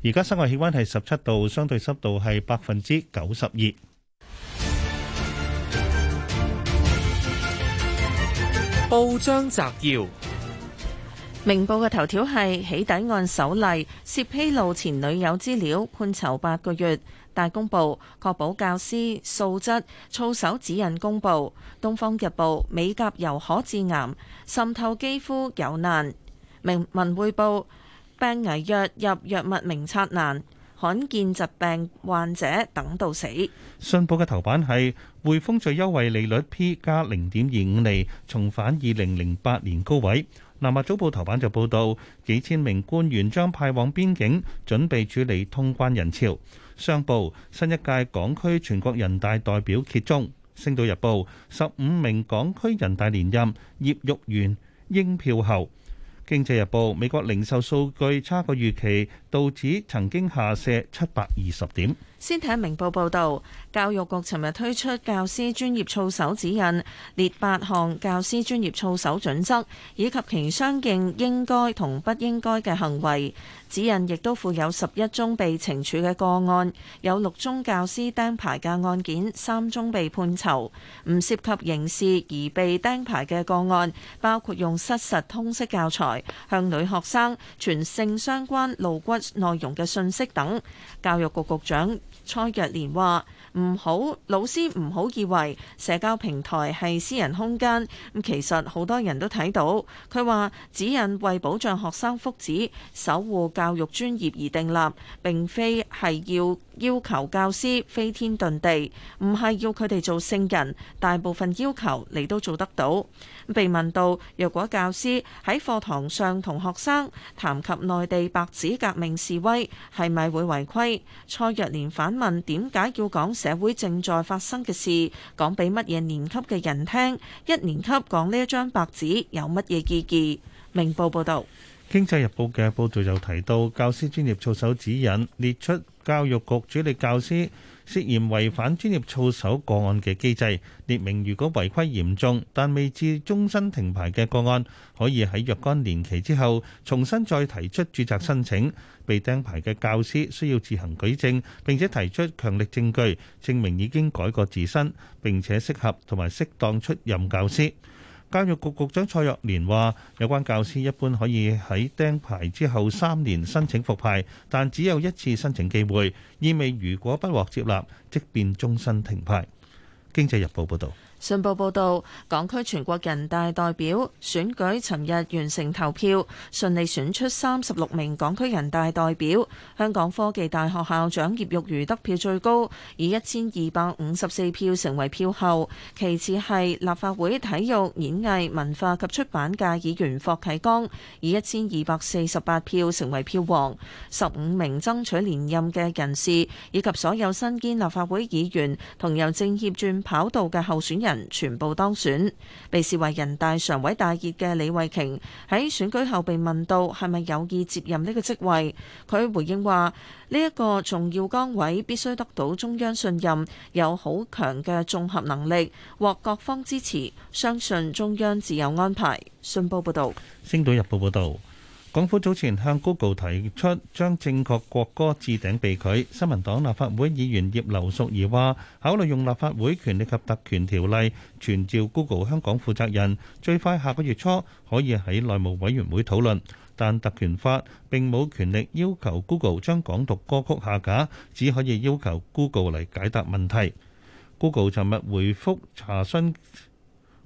而家室外氣温係十七度，相對濕度係百分之九十二。報章摘要：明報嘅頭條係起底案首例，涉披露前女友資料，判囚八個月。大公報確保教師素質，操守指引公報。東方日報美甲油可致癌，滲透肌膚有難。明文匯報病危藥入藥物名冊難。罕見疾病患者等到死。信報嘅頭版係匯豐最優惠利率 P 加零點二五厘重返二零零八年高位。南華早報頭版就報道幾千名官員將派往邊境準備處理通關人潮。商報新一屆港區全國人大代表揭盅。星島日報十五名港區人大連任葉玉，玉元應票後。經濟日報，美國零售數據差過預期，道指曾經下瀉七百二十點。先睇明報報導，教育局尋日推出教師專業操守指引，列八項教師專業操守準則，以及其相應應該同不應該嘅行為指引，亦都附有十一宗被懲處嘅個案，有六宗教師釘牌嘅案件，三宗被判囚。唔涉及刑事而被釘牌嘅個案，包括用失實通識教材向女學生傳性相關露骨內容嘅信息等。教育局局長。蔡若蓮話，唔好老師，唔好以為社交平台係私人空間，咁其實好多人都睇到。佢話指引為保障學生福祉，守護教育專業而訂立，並非係要要求教師飛天遁地，唔係要佢哋做聖人，大部分要求你都做得到。被問到若果教師喺課堂上同學生談及內地白紙革命示威，係咪會違規？蔡若蓮反問：點解要講社會正在發生嘅事，講俾乜嘢年級嘅人聽？一年級講呢一張白紙有乜嘢意義？明報報導，《經濟日報》嘅報導又提到教師專業操守指引列出教育局主力教師。涉嫌違反專業操守個案嘅機制，列明如果違規嚴重但未至終身停牌嘅個案，可以喺若干年期之後重新再提出註冊申請。被釘牌嘅教師需要自行舉證，並且提出強力證據，證明已經改過自身，並且適合同埋適當出任教師。教育局局長蔡若蓮話：有關教師一般可以喺釘牌之後三年申請復牌，但只有一次申請機會，意味如果不獲接納，即便終身停牌。經濟日報報道。信報報導，港區全國人大代表選舉尋日完成投票，順利選出三十六名港區人大代表。香港科技大學校長葉玉如得票最高，以一千二百五十四票成為票后。其次係立法會體育演藝文化及出版界議員霍啟剛，以一千二百四十八票成為票王。十五名爭取連任嘅人士以及所有身兼立法會議員同由政協轉跑道嘅候選人。全部當選，被視為人大常委大熱嘅李慧瓊喺選舉後被問到係咪有意接任呢個職位，佢回應話：呢、這、一個重要崗位必須得到中央信任，有好強嘅綜合能力，獲各方支持，相信中央自有安排。信報報道，星島日報報道。港府早前向 Google 提出將正確國歌置頂被拒。新民黨立法會議員葉劉淑儀話：考慮用立法會權力及特權條例傳召 Google 香港負責人，最快下個月初可以喺內務委員會討論。但特權法並冇權力要求 Google 將港獨歌曲下架，只可以要求 Google 嚟解答問題。Google 尋日回覆查詢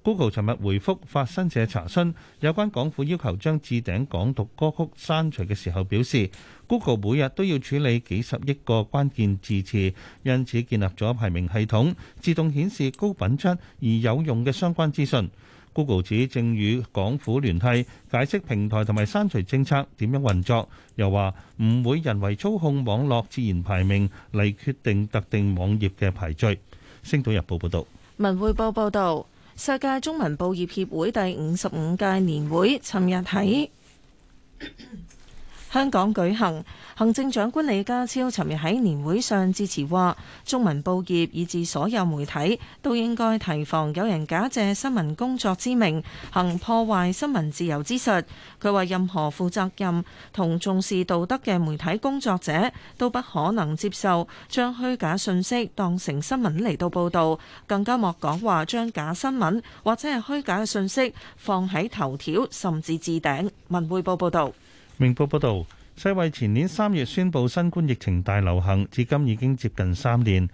Google 尋日回覆法新社查詢有關港府要求將置頂港獨歌曲刪除嘅時候，表示 Google 每日都要處理幾十億個關鍵字詞，因此建立咗排名系統，自動顯示高品質而有用嘅相關資訊。Google 指正與港府聯繫，解釋平台同埋刪除政策點樣運作，又話唔會人為操控網絡自然排名嚟決定特定網頁嘅排序。星島日報報導，文匯報報導。世界中文報業協會第五十五屆年會，尋日喺 香港舉行行政長官李家超，尋日喺年會上致辭，話中文報業以至所有媒體都應該提防有人假借新聞工作之名行破壞新聞自由之實。佢話：任何負責任同重視道德嘅媒體工作者都不可能接受將虛假信息當成新聞嚟到報導，更加莫講話將假新聞或者係虛假嘅信息放喺頭條，甚至置頂。文匯報報導。明報報道，世衛前年三月宣布新冠疫情大流行，至今已經接近三年。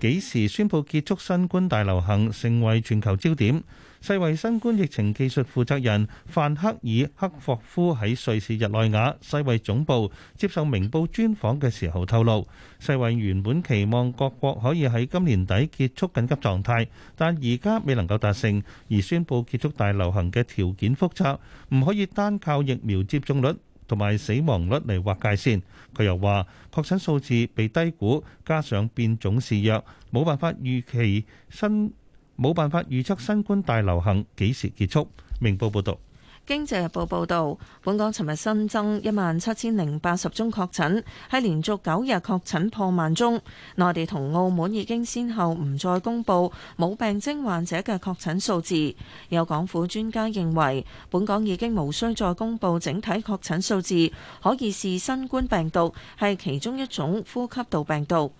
幾時宣布結束新冠大流行，成為全球焦點。世衛新冠疫情技術負責人范克爾克霍夫喺瑞士日內瓦世衛總部接受明報專訪嘅時候透露，世衛原本期望各國可以喺今年底結束緊急狀態，但而家未能夠達成，而宣布結束大流行嘅條件複雜，唔可以單靠疫苗接種率，同埋死亡率嚟劃界線。佢又話確診數字被低估，加上變種肆虐，冇辦法預期新冇辦法預測新冠大流行幾時結束。明報報道。經濟日報報道，本港尋日新增一萬七千零八十宗確診，喺連續九日確診破萬宗。內地同澳門已經先後唔再公布冇病徵患者嘅確診數字。有港府專家認為，本港已經無需再公布整體確診數字，可以視新冠病毒係其中一種呼吸道病毒。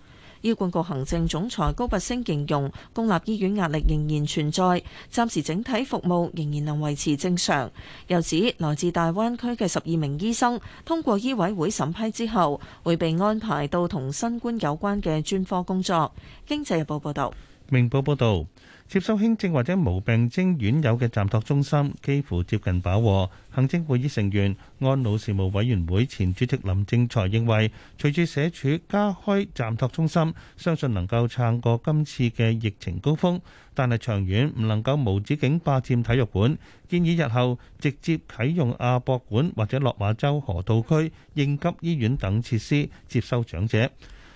醫管局行政總裁高拔升形容公立醫院壓力仍然存在，暫時整體服務仍然能維持正常。由此，來自大灣區嘅十二名醫生通過醫委會審批之後，會被安排到同新冠有關嘅專科工作。經濟日報報道，明報報道。接收輕症或者無病徵院友嘅暫托中心幾乎接近飽和。行政會議成員安老事務委員會前主席林正財認為，隨住社署加開暫托中心，相信能夠撐過今次嘅疫情高峰，但係長遠唔能夠無止境霸佔體育館，建議日後直接啟用亞博館或者落馬洲河道區應急醫院等設施接收長者。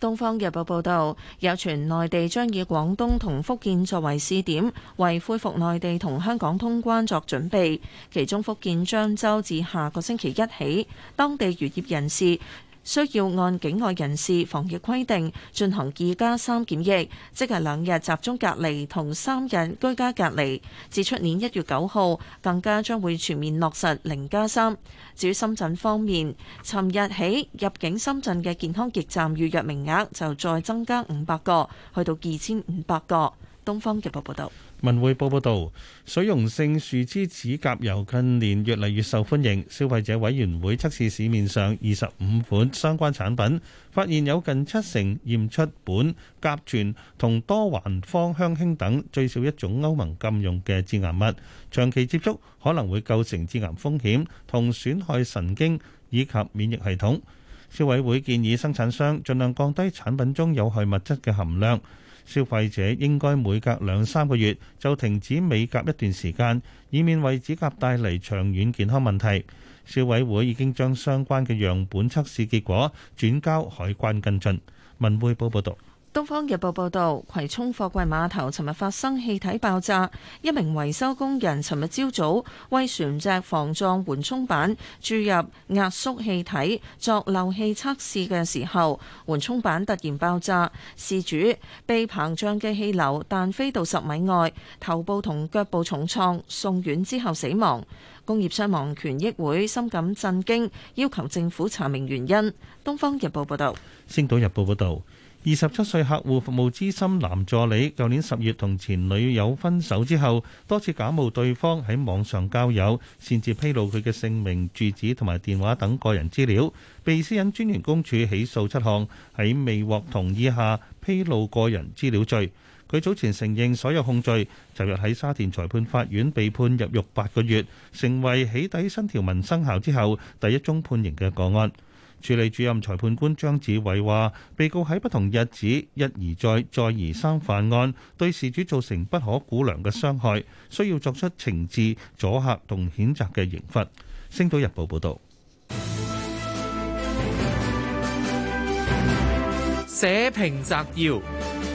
《東方日報》報導，有傳內地將以廣東同福建作為試點，為恢復內地同香港通關作準備。其中福建漳州自下個星期一起，當地漁業人士，需要按境外人士防疫規定進行二加三檢疫，即係兩日集中隔離同三日居家隔離至出年一月九號更加將會全面落實零加三。至於深圳方面，尋日起入境深圳嘅健康驛站預約名額就再增加五百個去到二千五百個東方日報報道。文匯報報道，水溶性樹脂指甲油近年越嚟越受歡迎。消費者委員會測試市面上二十五款相關產品，發現有近七成驗出苯、甲醛同多環芳香烴等最少一種歐盟禁用嘅致癌物，長期接觸可能會構成致癌風險，同損害神經以及免疫系統。消委會建議生產商盡量降低產品中有害物質嘅含量。消費者應該每隔兩三個月就停止美甲一段時間，以免為指甲帶嚟長遠健康問題。消委會已經將相關嘅樣本測試結果轉交海關跟進。文匯報報導。《東方日報》報導，葵涌貨櫃碼頭尋日發生氣體爆炸，一名維修工人尋日朝早為船隻防撞緩衝板注入壓縮氣體作漏氣測試嘅時候，緩衝板突然爆炸，事主被膨脹嘅氣流彈飛到十米外，頭部同腳部重創，送院之後死亡。工業傷亡權益會深感震驚，要求政府查明原因。《東方日報》報導。《星島日報》報導。二十七歲客戶服務資深男助理，舊年十月同前女友分手之後，多次假冒對方喺網上交友，擅自披露佢嘅姓名、住址同埋電話等個人資料，被私隱專員公署起訴七項喺未獲同意下披露個人資料罪。佢早前承認所有控罪，昨日喺沙田裁判法院被判入獄八個月，成為起底新條文生效之後第一宗判刑嘅個案。處理主任裁判官張子偉話，被告喺不同日子一而再、再而三犯案，對事主造成不可估量嘅傷害，需要作出懲治阻吓同譴責嘅刑罰。《星島日報》報道。社評摘要。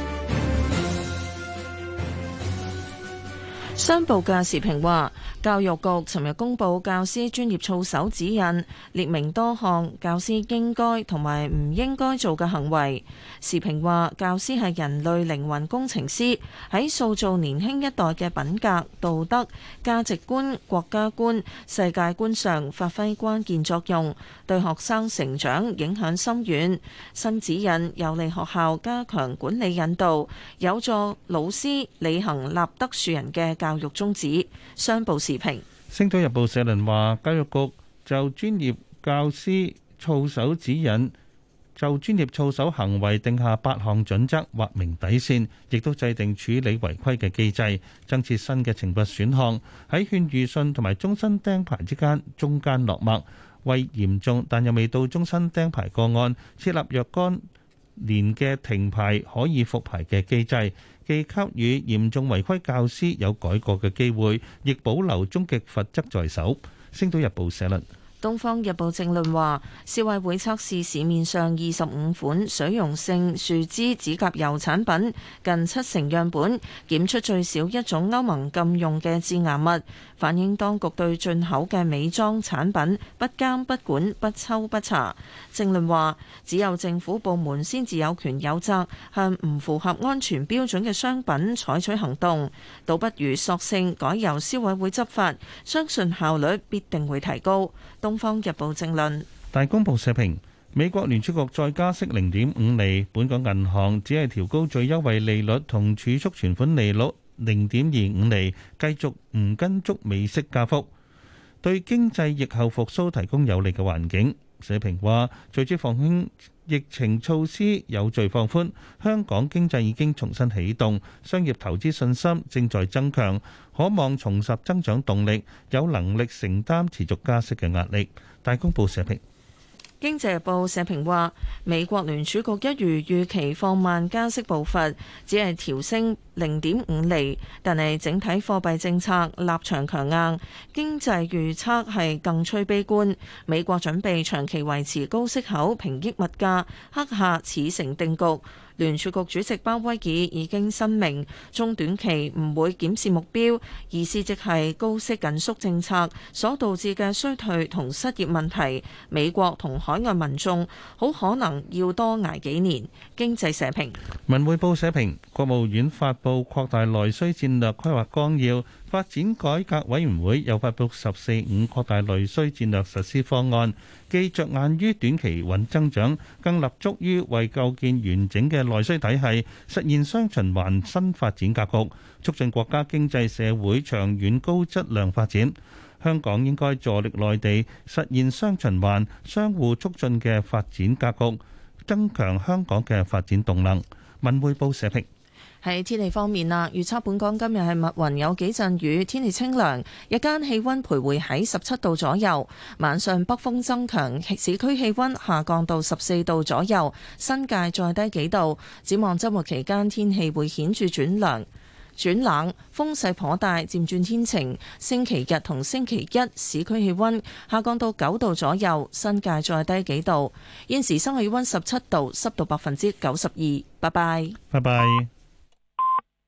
商報嘅時評話，教育局尋日公布教師專業操守指引，列明多項教師應該同埋唔應該做嘅行為。時評話，教師係人類靈魂工程師，喺塑造年輕一代嘅品格、道德、價值觀、國家觀、世界觀上發揮關鍵作用，對學生成長影響深遠。新指引有利學校加強管理引導，有助老師履行立德樹人嘅教育宗旨，商報時評。星島日報社論話，教育局就專業教師操守指引，就專業操守行為定下八項準則劃明底線，亦都制定處理違規嘅機制，增設新嘅懲罰選項，喺勸喻信同埋終身釘牌之間中間落墨，為嚴重但又未到終身釘牌個案設立若干年嘅停牌可以復牌嘅機制，既給予嚴重違規教師有改過嘅機會，亦保留終極罰則在手。星島日報社論。《東方日報》正論話，消委會測試市面上二十五款水溶性樹脂指甲油產品，近七成樣本檢出最少一種歐盟禁用嘅致癌物，反映當局對進口嘅美妝產品不監不管不抽不查。正論話，只有政府部門先至有權有責向唔符合安全標準嘅商品採取行動，倒不如索性改由消委會執法，相信效率必定會提高。東《東方日報》正論。大公報社評：美國聯儲局再加息零點五厘，本港銀行只係調高最優惠利率同儲蓄存款利率零點二五厘，繼續唔跟足美息加幅，對經濟疫後復蘇提供有利嘅環境。社評話，隨着防控疫情措施有序放寬，香港經濟已經重新啟動，商業投資信心正在增強，可望重拾增長動力，有能力承擔持續加息嘅壓力。大公報社評。經濟日報社評話，美國聯儲局一如預期放慢加息步伐，只係調升零點五厘，但係整體貨幣政策立場強硬，經濟預測係更趨悲觀。美國準備長期維持高息口，平抑物價，刻下似成定局。聯儲局主席鮑威爾已經申明，中短期唔會檢視目標，而是直係高息緊縮政策所導致嘅衰退同失業問題。美國同海外民眾好可能要多捱幾年。經濟社評。文匯報社評，國務院發布擴大內需戰略規劃綱要。發展改革委員會又發布《十四五擴大內需戰略實施方案》，既着眼於短期穩增長，更立足於為構建完整嘅內需體系，實現雙循環新發展格局，促進國家經濟社會長遠高質量發展。香港應該助力內地實現雙循環、相互促進嘅發展格局，增強香港嘅發展動能。文匯報社評。喺天氣方面啦，預測本港今日係密雲，有幾陣雨，天氣清涼，日間氣溫徘徊喺十七度左右。晚上北風增強，市區氣溫下降到十四度左右，新界再低幾度。展望周末期間天氣會顯著轉涼、轉冷，風勢頗大，漸轉天晴。星期日同星期一市區氣溫下降到九度左右，新界再低幾度。現時新氣溫十七度，濕度百分之九十二。拜拜，拜拜。